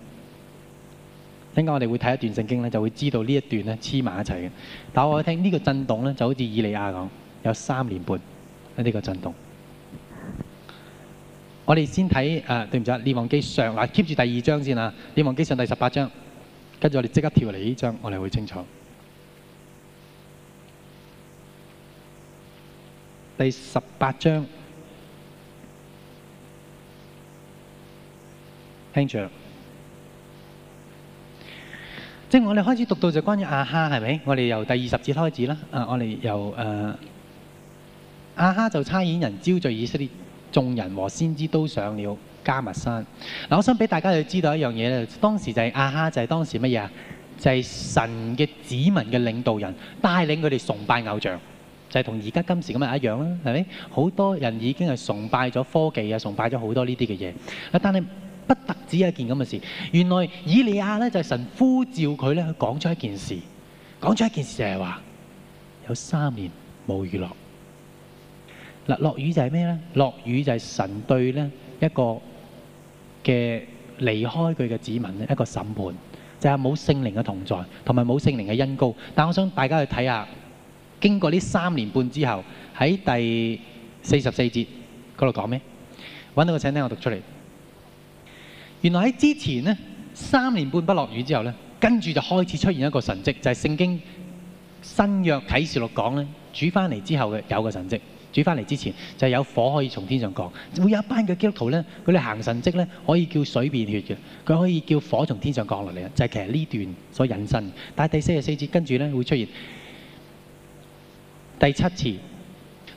應該我哋會睇一段聖經咧，就會知道呢一段咧黐埋一齊嘅。但我聽呢個震動咧，就好似以利亞講，有三年半喺呢個震動。我哋先睇誒、啊，對唔住，《列王記上》嗱，keep 住第二章先啦，《列王記上》第十八章。跟住我哋即刻跳嚟呢章，我哋會清楚。第十八章，聽住。即係我哋開始讀到就關於阿哈，係咪？我哋由第二十節開始啦。啊，我哋由誒阿哈就差遣人招聚以色列眾人和先知都上了。迦密山嗱，我想俾大家去知道一樣嘢咧，當時就係亞哈就係當時乜嘢啊？就係神嘅子民嘅領導人，帶領佢哋崇拜偶像，就係同而家今時今日一樣啦，係咪？好多人已經係崇拜咗科技啊，崇拜咗好多呢啲嘅嘢。但係不特止一件咁嘅事，原來以利亞咧就係神呼召佢咧，講出一件事，講出一件事就係話有三年冇雨落。嗱，落雨就係咩咧？落雨就係神對咧一個嘅離開佢嘅子民呢一個審判，就係、是、冇聖靈嘅同在，同埋冇聖靈嘅恩膏。但我想大家去睇下，經過呢三年半之後，喺第四十四節嗰度講咩？揾到個請聽我讀出嚟。原來喺之前呢，三年半不落雨之後呢，跟住就開始出現一個神跡，就係、是、聖經新約啟示錄講呢，主翻嚟之後嘅有個神跡。煮翻嚟之前，就係有火可以從天上降。會有一班嘅基督徒咧，佢哋行神跡咧，可以叫水變血嘅，佢可以叫火從天上降落嚟啊！就係其實呢段所引申。但係第四十四節跟住咧會出現第七次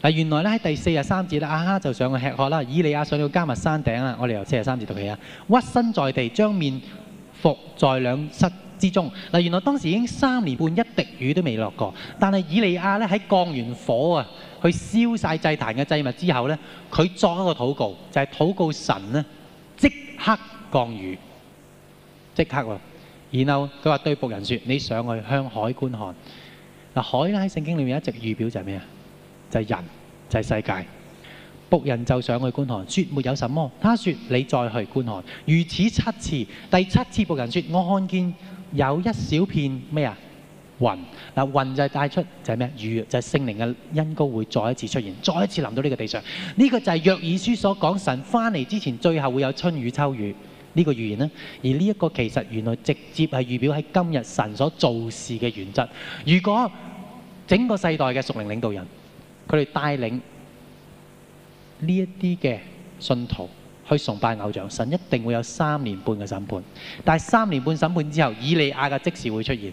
嗱，原來咧喺第四十三節咧，亞哈就上去吃喝啦。以利亞上到迦密山頂啦，我哋由四十三節讀起啊，屈身在地，將面伏在兩膝之中嗱。原來當時已經三年半，一滴雨都未落過，但係以利亞咧喺降完火啊！佢燒曬祭壇嘅祭物之後咧，佢作了一個禱告，就係禱告神咧即刻降雨，即刻喎。然後佢話對僕人說：你上去向海觀看。嗱，海咧喺聖經裏面一直預表就係咩啊？就係人，就係世界。僕人就上去觀看，說沒有什麼。他說：你再去觀看，如此七次。第七次僕人說：我看見有一小片咩啊？雲嗱，雲就係帶出就係咩預就係聖靈嘅恩膏會再一次出現，再一次臨到呢個地上。呢、這個就係約珥書所講神翻嚟之前，最後會有春雨秋雨呢、這個預言呢，而呢一個其實原來直接係預表喺今日神所做事嘅原則。如果整個世代嘅屬靈領導人佢哋帶領呢一啲嘅信徒去崇拜偶像，神一定會有三年半嘅審判。但係三年半審判之後，以利亞嘅即時會出現。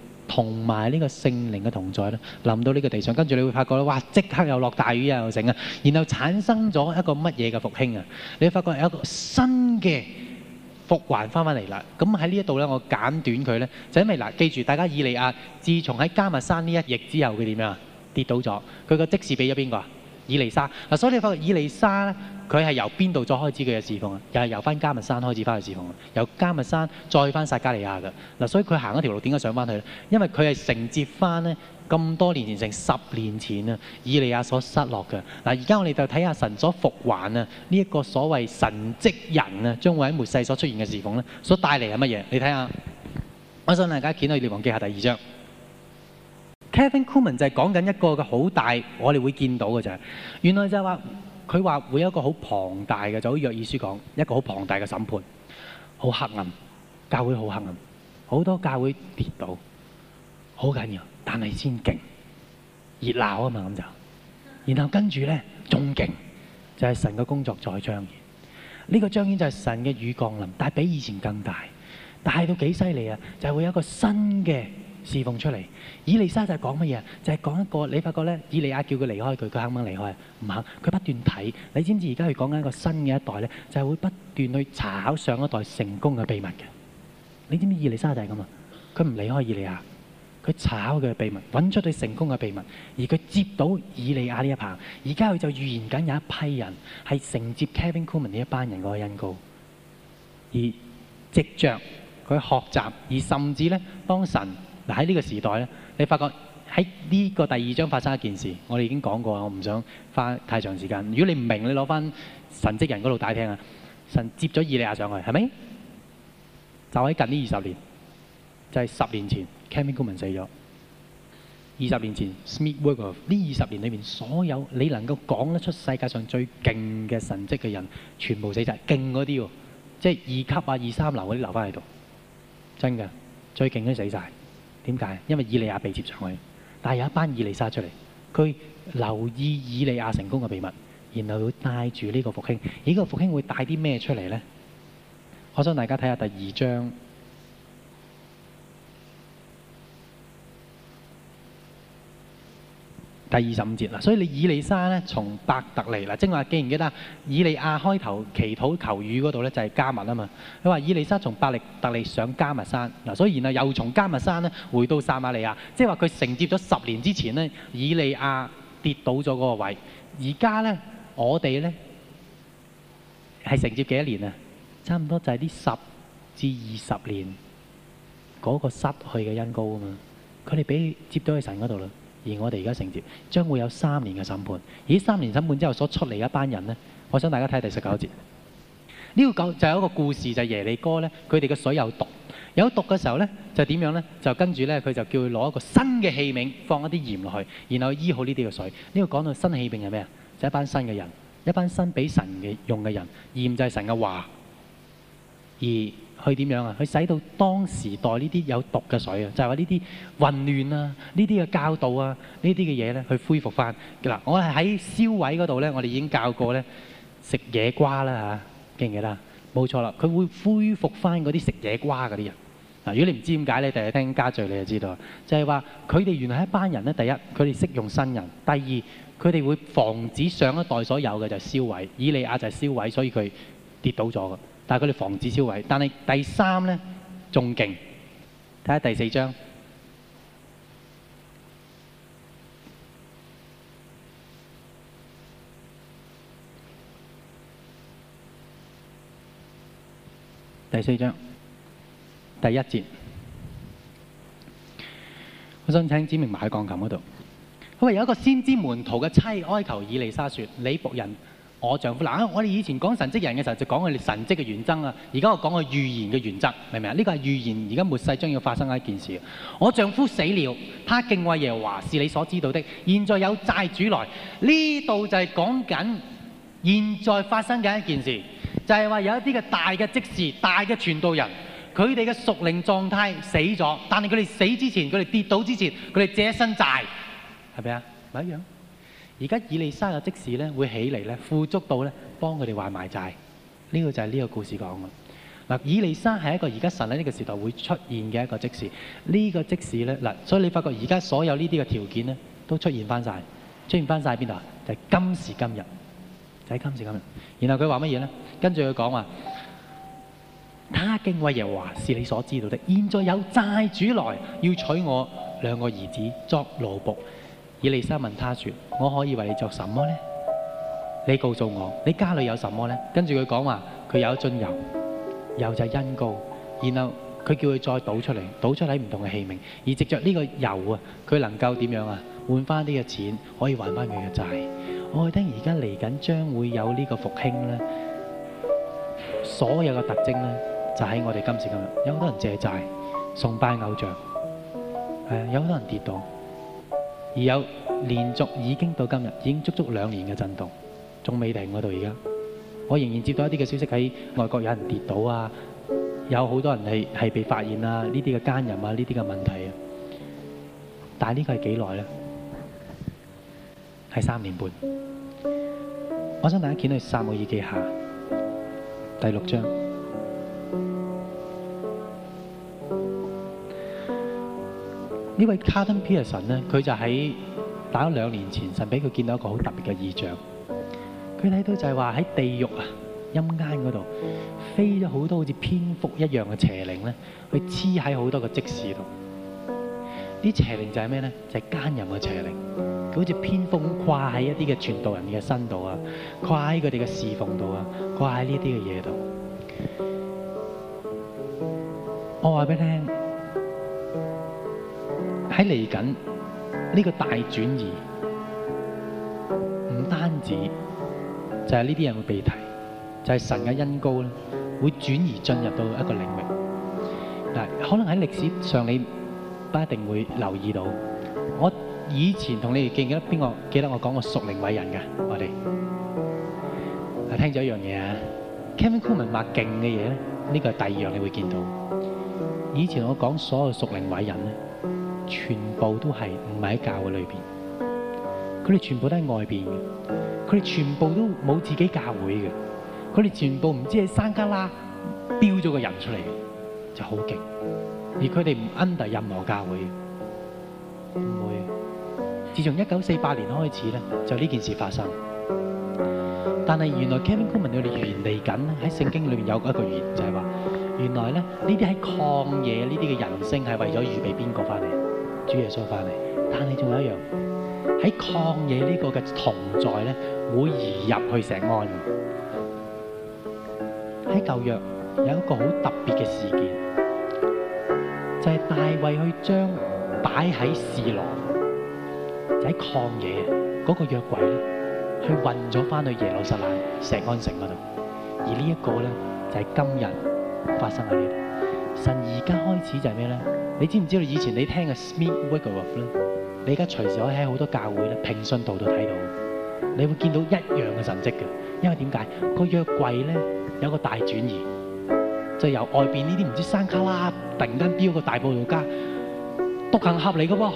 同埋呢個聖靈嘅同在呢，臨到呢個地上，跟住你會發覺呢：「哇！即刻又落大雨啊，又整啊，然後產生咗一個乜嘢嘅復興啊！你會發覺有一個新嘅復還翻返嚟啦。咁喺呢一度呢，我簡短佢呢，就因為嗱，記住大家以利亞，自從喺迦密山呢一役之後，佢點樣啊？跌倒咗。佢個職事俾咗邊個啊？以利沙。嗱，所以你發覺以利沙呢。佢係由邊度再開始佢嘅侍奉啊？又係由翻加密山開始翻去侍奉，由加密山再翻撒加利亞噶嗱，所以佢行一條路，點解上翻去咧？因為佢係承接翻呢咁多年前，成十年前啊，以利亞所失落嘅嗱。而家我哋就睇下神所復還啊，呢、這、一個所謂神職人啊，將會喺末世所出現嘅侍奉呢，所帶嚟係乜嘢？你睇下，我想大家見到《列王記下》第二章，Kevin Cooman 就係講緊一個嘅好大，我哋會見到嘅就係、是、原來就話、是。佢話會有一個好龐大嘅，就好似約珥書講一個好龐大嘅審判，好黑暗，教會好黑暗，好多教會跌倒，好緊要，但係先勁熱鬧啊嘛咁就，然後跟住呢，仲勁就係、是、神嘅工作在彰顯呢、呢個彰顯就係神嘅雨降臨，但係比以前更大，大到幾犀利呀，就係會有一個新嘅。侍奉出嚟，以利沙就係講乜嘢？就係講一個你發覺咧，以利亞叫佢離開佢，佢肯唔肯離開？唔肯。佢不，不斷睇，你知唔知而家佢講緊個新嘅一代咧，就係會不斷去查考上一代成功嘅秘密嘅。你知唔知以利沙就係咁啊？佢唔離開以利亞，佢查佢嘅秘密，揾出佢成功嘅秘密，而佢接到以利亞呢一棒。而家佢就預言緊有一批人係承接 Kevin Kuhlman 呢一班人嗰個恩膏，而藉着佢學習，而甚至咧，當神。喺呢個時代咧，你發覺喺呢個第二章發生的一件事，我哋已經講過啦。我唔想花太長時間。如果你唔明，你攞翻神跡人嗰度打聽啊。神接咗以利亞上去，係咪就喺近呢二十年？就係十年前，Kathryn Kuhlman 死咗。二十年前，Smith Wigglesworth。呢二十年裏面，所有你能夠講得出世界上最勁嘅神跡嘅人，全部死晒。勁嗰啲喎，即係二級啊、二三流嗰啲留翻喺度，真嘅最勁都死晒。點解？因為以利亞被接上去，但係有一班以利沙出嚟，佢留意以利亞成功嘅秘密，然後會帶住呢個復興。而呢個復興會帶啲咩出嚟呢？我想大家睇下第二章。第二十五節啦，所以你以利沙呢，從伯特利嗱，即係話記唔記得啊？以利亞開頭祈禱求雨嗰度呢，就係加密啊嘛。佢話以利沙從伯利特利上加密山嗱，所以然後又從加密山呢，回到撒瑪利亞，即係話佢承接咗十年之前呢，以利亞跌倒咗嗰個位，而家呢，我哋呢，係承接幾多年啊？差唔多就係呢十至二十年嗰個失去嘅恩膏啊嘛，佢哋俾接咗去神嗰度啦。而我哋而家承接將會有三年嘅審判，而三年審判之後所出嚟一班人呢，我想大家睇第十九節。呢、這個就有一個故事，就係、是、耶利哥呢，佢哋嘅水有毒，有毒嘅時候呢，就點樣呢？就跟住呢，佢就叫佢攞一個新嘅器皿放一啲鹽落去，然後醫好呢啲嘅水。呢、這個講到新器皿係咩啊？就是、一班新嘅人，一班新俾神嘅用嘅人，鹽就係神嘅話，而。去點樣啊？去使到當時代呢啲有毒嘅水啊！就係話呢啲混亂啊、呢啲嘅教導啊、呢啲嘅嘢咧，去恢復翻嘅啦。我係喺燒毀嗰度咧，我哋已經教過咧，食野瓜啦嚇，記唔記得啊？冇錯啦，佢會恢復翻嗰啲食野瓜嗰啲人。嗱，如果你唔知點解咧，第日聽家敘你就知道，就係話佢哋原來一班人咧，第一佢哋識用新人，第二佢哋會防止上一代所有嘅就係燒毀。以利亞就係燒毀，所以佢跌倒咗嘅。但係佢哋防止超燬。但係第三呢，仲勁，睇下第四章。第四章第一節，我想請子明埋喺鋼琴嗰度。佢話有一個先知門徒嘅妻哀求以利沙説：你僕人？我丈夫嗱、啊，我哋以前講神職人嘅時候就講佢哋神職嘅原則啊，而家我講佢預言嘅原則，明唔明啊？呢、這個係預言，而家末世將要發生嘅一件事。我丈夫死了，他敬畏耶和華是你所知道的。現在有債主來，呢度就係講緊現在發生緊一件事，就係、是、話有一啲嘅大嘅即時、大嘅傳道人，佢哋嘅屬靈狀態死咗，但係佢哋死之前、佢哋跌倒之前，佢哋借身債，係咪啊？咪一樣。而家以利沙嘅職事咧，會起嚟咧，富足到咧，幫佢哋還埋債。呢個就係呢個故事講嘅。嗱，以利沙係一個而家神喺呢個時代會出現嘅一個職事。呢個職事咧，嗱，所以你發覺而家所有呢啲嘅條件咧，都出現翻曬，出現翻曬喺邊度？就係今時今日，就係今時今日。然後佢話乜嘢咧？跟住佢講話，他敬畏耶和華，是你所知道的。現在有債主來，要取我兩個兒子作奴僕。以利沙問他説：我可以為你作什麼呢？你告訴我，你家裏有什麼呢？跟住佢講話，佢有一樽油，油就係因告。然後佢叫佢再倒出嚟，倒出嚟唔同嘅器皿，而藉着呢個油啊，佢能夠點樣啊，換翻啲嘅錢，可以還翻佢嘅債。我覺得而家嚟緊將會有呢個復興呢。所有嘅特徵呢，就喺、是、我哋今時噉樣，有好多人借債、崇拜偶像，有好多人跌倒。而有連續已經到今日，已經足足兩年嘅震動，仲未停過到而家。我仍然接到一啲嘅消息喺外國，有人跌倒啊，有好多人係係被發現啊，呢啲嘅奸淫啊，呢啲嘅問題啊。但係呢個係幾耐咧？係三年半。我想大家卷到三個《撒母耳記下第六章。呢位 Carden Pearson 咧，佢就喺打咗兩年前，神俾佢見到一個好特別嘅異象。佢睇到就係話喺地獄啊、陰間嗰度，飛咗好多好似蝙蝠一樣嘅邪靈咧，去黐喺好多個職事度。啲邪靈就係咩咧？就係奸淫嘅邪靈，佢好似蝙蝠咁掛喺一啲嘅傳道人嘅身度啊，掛喺佢哋嘅侍奉度啊，掛喺呢啲嘅嘢度。我話俾你聽。喺嚟緊呢個大轉移，唔單止就係呢啲人會被提，就係神嘅恩膏咧會轉移進入到一個領域。但，可能喺歷史上你不一定會留意到。我以前同你哋記得邊個？記得我講過屬靈偉人嘅，我哋聽咗一樣嘢。Kevin Coleman 賣勁嘅嘢咧，呢個係第二樣你會見到。以前我講所有屬靈偉人咧。全部都係唔係喺教會裏邊，佢哋全部都喺外邊嘅，佢哋全部都冇自己教會嘅，佢哋全部唔知喺山卡拉標咗個人出嚟嘅，就好勁，而佢哋唔 under 任何教會，唔會。自從一九四八年開始咧，就呢件事發生。但係原來 Kevin Conner 佢哋原嚟緊喺聖經裏面有一句預言，就係話，原來咧呢啲喺曠野呢啲嘅人聲係為咗預備邊個返嚟？主耶穌翻嚟，但係仲有一樣喺曠野呢個嘅同在咧，會移入去石安。喺舊約有一個好特別嘅事件，就係大衛去將擺喺示羅就喺曠野嗰個約櫃咧，去運咗翻去耶路撒冷石安城嗰度。而呢一個咧，就係今日發生喺呢度。神而家開始就係咩咧？你知唔知道以前你聽嘅 Smith Wigglesworth 嘅話咧？你而家隨時可以喺好多教會咧，平信徒度睇到，你會見到一樣嘅神跡嘅。因為點解、個約櫃咧有個大轉移，就由外邊呢啲唔知山卡拉，突然間變一個大佈道家，獨行俠嚟嘅噃，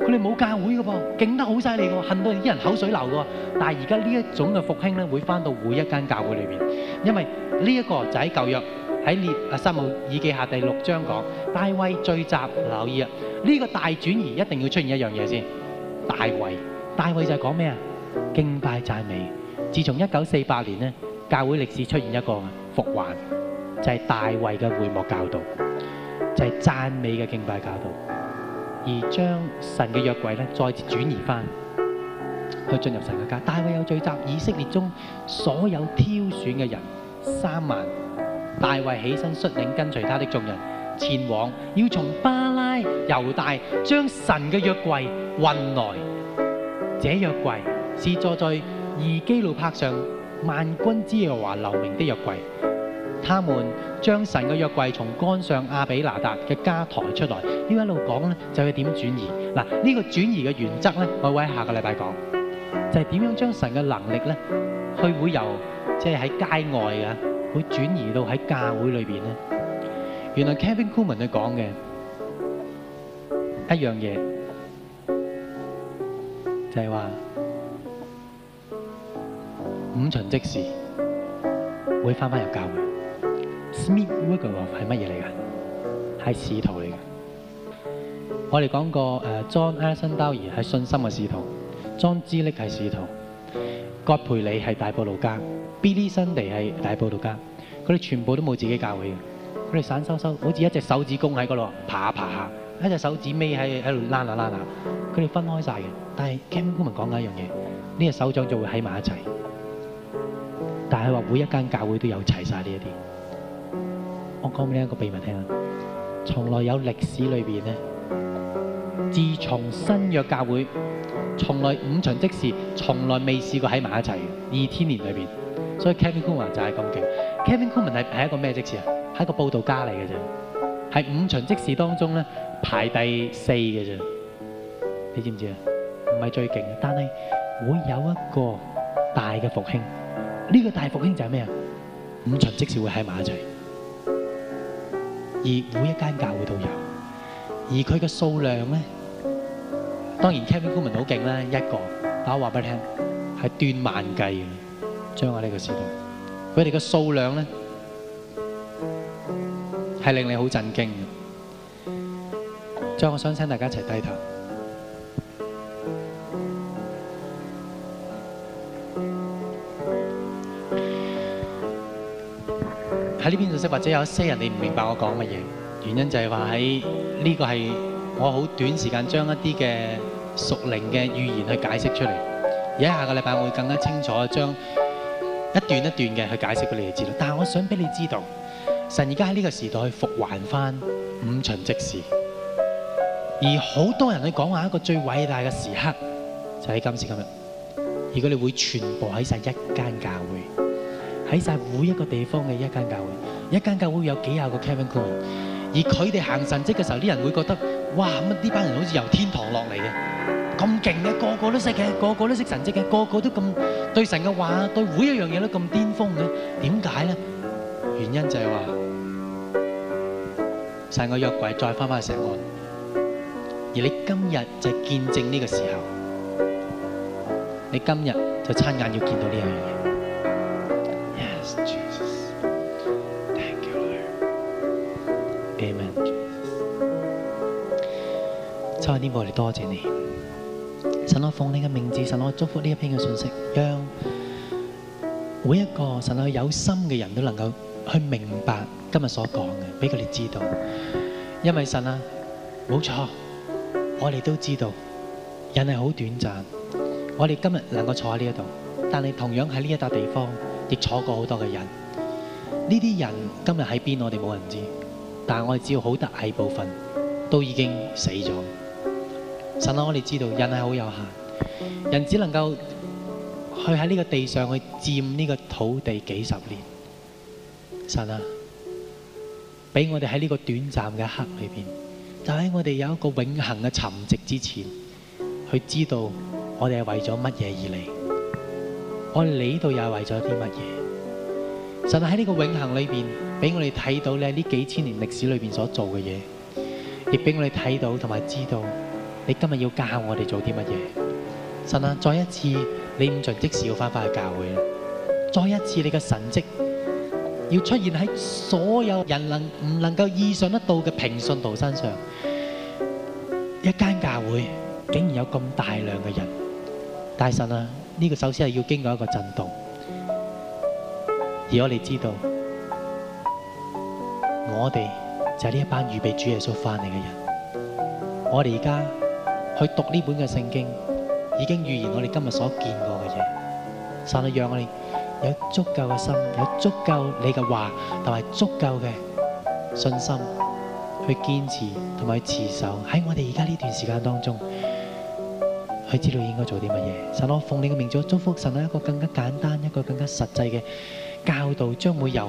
佢哋冇教會嘅噃，勁得好犀利㗎，恨到啲人口水流㗎。但係而家呢一種嘅復興咧，會翻到每一間教會裏面，因為呢一個就係舊約。喺列啊撒母耳記下第六章講大衞，聚集留意啊，呢個大轉移一定要出現一樣嘢先。大衞，大衞就係講咩啊？敬拜讚美。自從一九四八年咧，教會歷史出現一個復還，就係大衞嘅會幕教導，就係讚美嘅敬拜教導，而將神嘅約櫃咧再次轉移翻去進入神嘅家。大衞又聚集以色列中所有挑選嘅人三萬。大衛起身率領跟隨他的眾人前往，要從巴拉、猶大將神嘅約櫃運來。這約櫃是坐在二基路伯上萬軍之耶和華留名的約櫃。他們將神嘅約櫃從杆上亞比拿達嘅家抬出來。要一呢一路講呢就要點轉移。嗱，呢個轉移嘅原則呢，我會喺下個禮拜講，就係、是，點樣將神嘅能力呢去會由即係喺街外嘅。會轉移到喺教會裏邊呢，原來 Kevin Cooman 佢講嘅一樣嘢就係、是、話五旬即時會返返入教會。 Smith Wigglesworth 係乜嘢嚟噶？係使徒嚟嘅。我哋講過誒 John Alexander Dowie 係信心嘅使徒，John G. Lake 係使徒。葛培理係大佈道家，Billy Sunday 係大佈道家，佢哋全部都冇自己教會嘅，佢哋散收收，好似一隻手指公喺嗰度爬下、啊、爬下、啊，一隻手指尾喺喺度拉下拉下，佢哋、啊啊、分開晒嘅。但係 King Kong 咪講緊一樣嘢，呢隻手掌就會喺埋一齊。但係話每一間教會都有齊晒呢一啲。我講俾你一個秘密聽啦，從來有歷史裏邊咧，自從新約教會。從來五旬職事從來未試過喺埋一齊二千年裏邊，所以 Kevin Kuhn 就係咁勁。Kevin Kuhn 係一個咩職事啊？係一個報導家嚟嘅啫，係五旬職事當中咧排第四嘅啫。你知唔知啊？唔係最勁嘅，但係會有一個大嘅復興。呢個大復興就係咩啊？五旬職事會喺埋一齊，而每一間教會都有，而佢嘅數量咧。當然，Captain Cookman 好勁啦，一個，但我話俾你聽，係斷萬計嘅，將我呢個時代，佢哋嘅數量咧係令你好震驚嘅。將我想請大家一齊低頭。喺呢邊做識或者有一些人你唔明白我講乜嘢，原因就係話喺呢個係我好短時間將一啲嘅。屬靈嘅語言去解釋出嚟，而家下個禮拜我會更加清楚，將一段一段嘅去解釋俾你哋知道。但係我想俾你知道，神而家喺呢個時代復還翻五旬職事，而好多人去講話一個最偉大嘅時刻就喺、是、今時今日。如果你會全部喺晒一間教會，喺晒每一個地方嘅一間教會，一間教會有幾廿個 camping group，而佢哋行神跡嘅時候，啲人會覺得哇，乜呢班人好似由天堂落嚟嘅。咁勁嘅，個個都識嘅，個個都識神蹟嘅，個個都咁對神嘅話，對每一樣嘢都咁巔峯嘅，點解呢？原因就係話成個約櫃再翻返去石岸，而你今日就見證呢個時候，你今日就親眼要見到呢樣嘢。Yes, Jesus, thank you, Lord. Amen. 差啲冇嚟多謝你。神我奉你嘅名字，神我祝福呢一篇嘅信息，讓每一個神我有心嘅人都能夠去明白今日所講嘅，俾佢哋知道。因為神啊，冇錯，我哋都知道，人係好短暫。我哋今日能夠坐喺呢一度，但係同樣喺呢一笪地方亦坐過好多嘅人。呢啲人今日喺邊？我哋冇人知道，但係我哋只要好大一部分都已經死咗。神啊，我哋知道人係好有限，人只能夠去喺呢個地上去佔呢個土地幾十年。神啊，俾我哋喺呢個短暫嘅一刻裏邊，就喺我哋有一個永恆嘅沉寂之前，去知道我哋係為咗乜嘢而嚟。我哋嚟到又係為咗啲乜嘢？神啊，喺呢個永恆裏邊，俾我哋睇到咧呢幾千年歷史裏邊所做嘅嘢，亦俾我哋睇到同埋知道。你今日要教我哋做啲乜嘢？神啊，再一次，你唔盡即時要翻返去教會。再一次，你嘅神迹要出現喺所有人能唔能夠意想得到嘅平信徒身上。一間教會竟然有咁大量嘅人，但神啊，呢個首先係要經過一個震動。而我哋知道，我哋就係呢一班預備主耶穌翻嚟嘅人。我哋而家。去讀呢本嘅聖經，已經預言我哋今日所見過嘅嘢。神啊，讓我哋有足夠嘅心，有足夠你嘅話，同埋足夠嘅信心去堅持同埋去持守喺我哋而家呢段時間當中，佢知道應該做啲乜嘢。神，我奉你嘅名做祝福。神啊，一個更加簡單、一個更加實際嘅教導，將會由。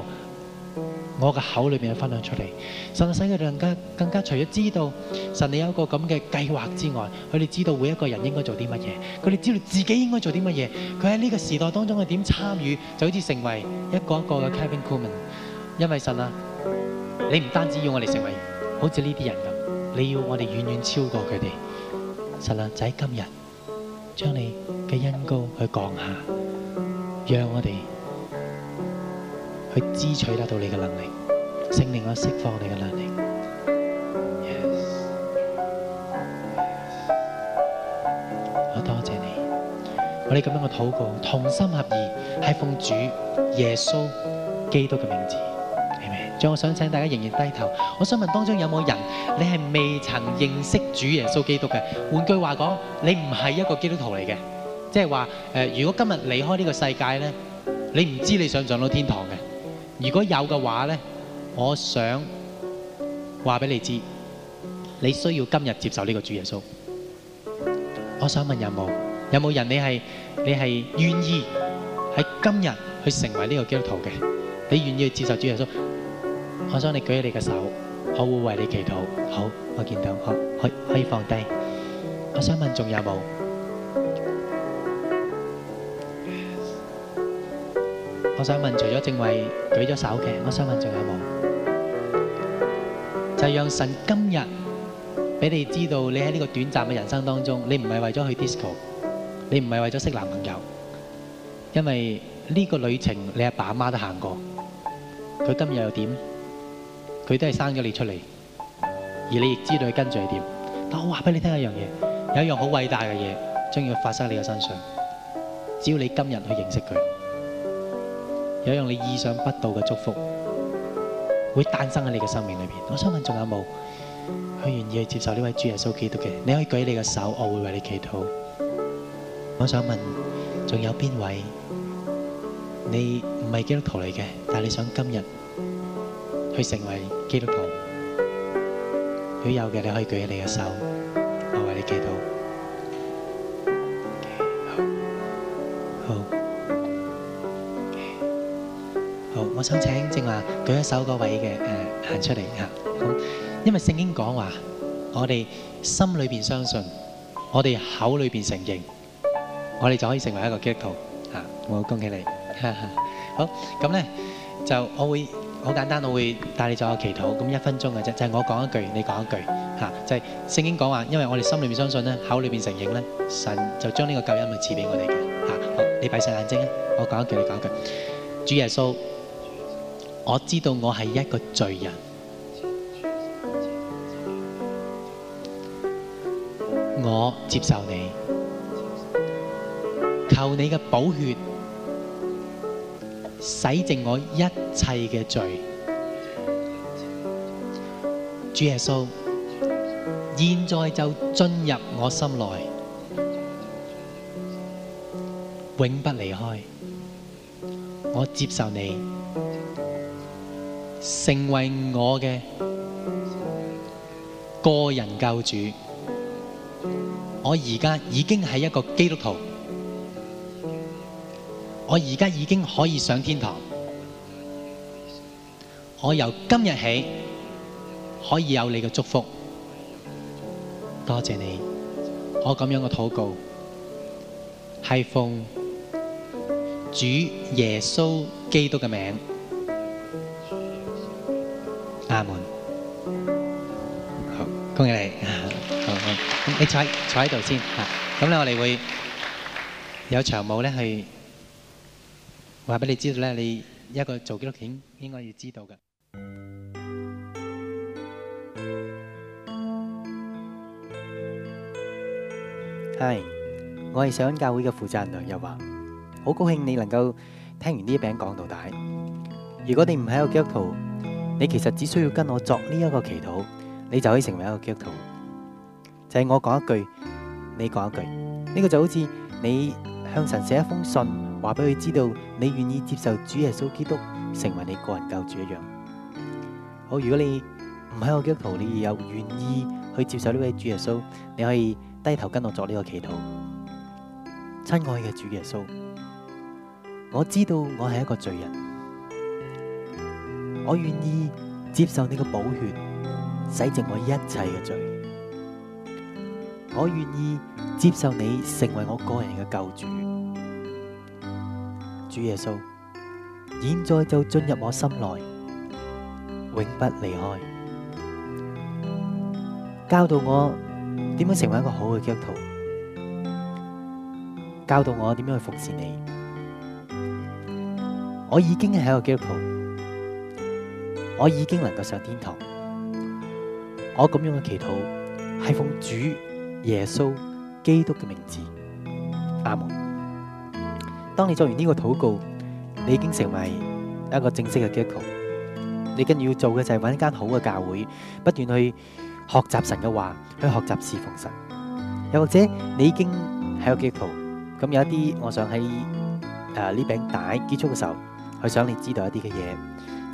我嘅口裏面去分享出嚟，啊，使唔使佢哋更加更加除咗知道神你有一個咁嘅計劃之外，佢哋知道每一個人應該做啲乜嘢，佢哋知道自己應該做啲乜嘢，佢喺呢個時代當中佢點參與，就好似成為一個一個嘅 c a p i n c o o m a n，因為神啊，你唔單止要我哋成為好似呢啲人咁，你要我哋遠遠超過佢哋。神啊，就喺今日將你嘅恩高去降下，讓我哋。去支取得到你嘅能力，聖靈，我釋放你嘅能力。Yes. Yes. 我多謝你，我哋咁樣嘅禱告，同心合意，係奉主耶穌基督嘅名字，係咪？仲我想請大家仍然低頭，我想問當中有冇人，你係未曾認識主耶穌基督嘅？換句話講，你唔係一個基督徒嚟嘅，即係話誒，如果今日離開呢個世界咧，你唔知你想上到天堂嘅。如果有嘅話咧，我想話俾你知，你需要今日接受呢個主耶穌。我想問有冇？有冇人你係你係願意喺今日去成為呢個基督徒嘅？你願意去接受主耶穌？我想你舉起你嘅手，我會為你祈禱。好，我見到，可以可以放低。我想問仲有冇有？我想問，除咗正位舉咗手嘅，我想問仲有冇？就係讓神今日俾你知道，你喺呢個短暫嘅人生當中，你唔係為咗去 disco，你唔係為咗識男朋友，因為呢個旅程你阿爸阿媽都行過，佢今日又點？佢都係生咗你出嚟，而你亦知道佢跟住係點。但我話俾你聽一樣嘢，有一樣好偉大嘅嘢將要發生喺你嘅身上，只要你今日去認識佢。有讓你意想不到嘅祝福，會誕生喺你嘅生命裏面。我想問，仲有冇？佢願意去接受呢位主耶穌基督嘅？你可以舉你嘅手，我會為你祈禱。我想問，仲有邊位？你唔係基督徒嚟嘅，但係你想今日去成為基督徒？如果有嘅，你可以舉你嘅手，我為你祈禱。我想請正話舉一手嗰位嘅誒行出嚟嚇，咁因為聖經講話，我哋心裏邊相信，我哋口裏邊承認，我哋就可以成為一個基督徒嚇。我恭喜你。好，咁咧就我會好簡單，我會帶你做個祈禱，咁一分鐘嘅啫，就係我講一句，你講一句嚇，就係聖經講話，因為我哋心裏邊相信咧，口裏邊承認咧，神就將呢個救恩嚟賜俾我哋嘅嚇。好，你閉上眼睛啊，我講一句，你講一句，主耶穌。我知道我係一個罪人，我接受你，求你嘅寶血洗淨我一切嘅罪。主耶穌，現在就進入我心內，永不離開。我接受你。成為我嘅個人救主，我而家已經係一個基督徒，我而家已經可以上天堂，我由今日起可以有你嘅祝福，多謝你，我咁樣嘅禱告係奉主耶穌基督嘅名。廈門好，恭喜你！好好，你坐坐喺度先。咁咧，我哋會有場舞咧，去話俾你知道咧，你一個做紀錄片應該要知道嘅。係，我係錫安教會嘅負責人梁日華，好高興你能夠聽完呢一班講到底。如果你唔喺個基督徒，你其實只需要跟我作呢一個祈禱，你就可以成為一個基督徒。就係、是、我講一句，你講一句，呢、這個就好似你向神寫一封信，話俾佢知道你願意接受主耶穌基督成為你個人救主一樣。好，如果你唔係我基督徒，你又願意去接受呢位主耶穌，你可以低頭跟我作呢個祈禱。親愛嘅主耶穌，我知道我係一個罪人。我願意接受你嘅寶血，洗淨我一切嘅罪。我願意接受你成為我個人嘅救主，主耶穌，現在就進入我心內，永不離開，教導我點樣成為一個好嘅基督徒，教導我點樣去服侍你。我已經係一個基督徒。我已經能夠上天堂。我咁樣嘅祈禱係奉主耶穌基督嘅名字，阿門。當你做完呢個禱告，你已經成為一個正式嘅基督徒。你跟住要做嘅就係揾一間好嘅教會，不斷去學習神嘅話，去學習侍奉神。又或者你已經係個基督徒，咁有一啲，我想喺誒呢餅帶結束嘅時候，佢想你知道一啲嘅嘢。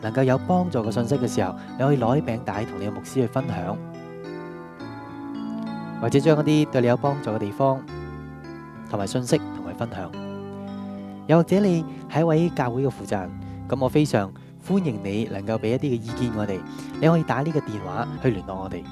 能夠有幫助嘅信息嘅時候，你可以攞起餅帶同你嘅牧師去分享，或者將一啲對你有幫助嘅地方同埋信息同佢分享。又或者你係一位教會嘅負責人，咁我非常歡迎你能夠俾一啲嘅意見畀我哋。你可以打呢個電話去聯絡我哋。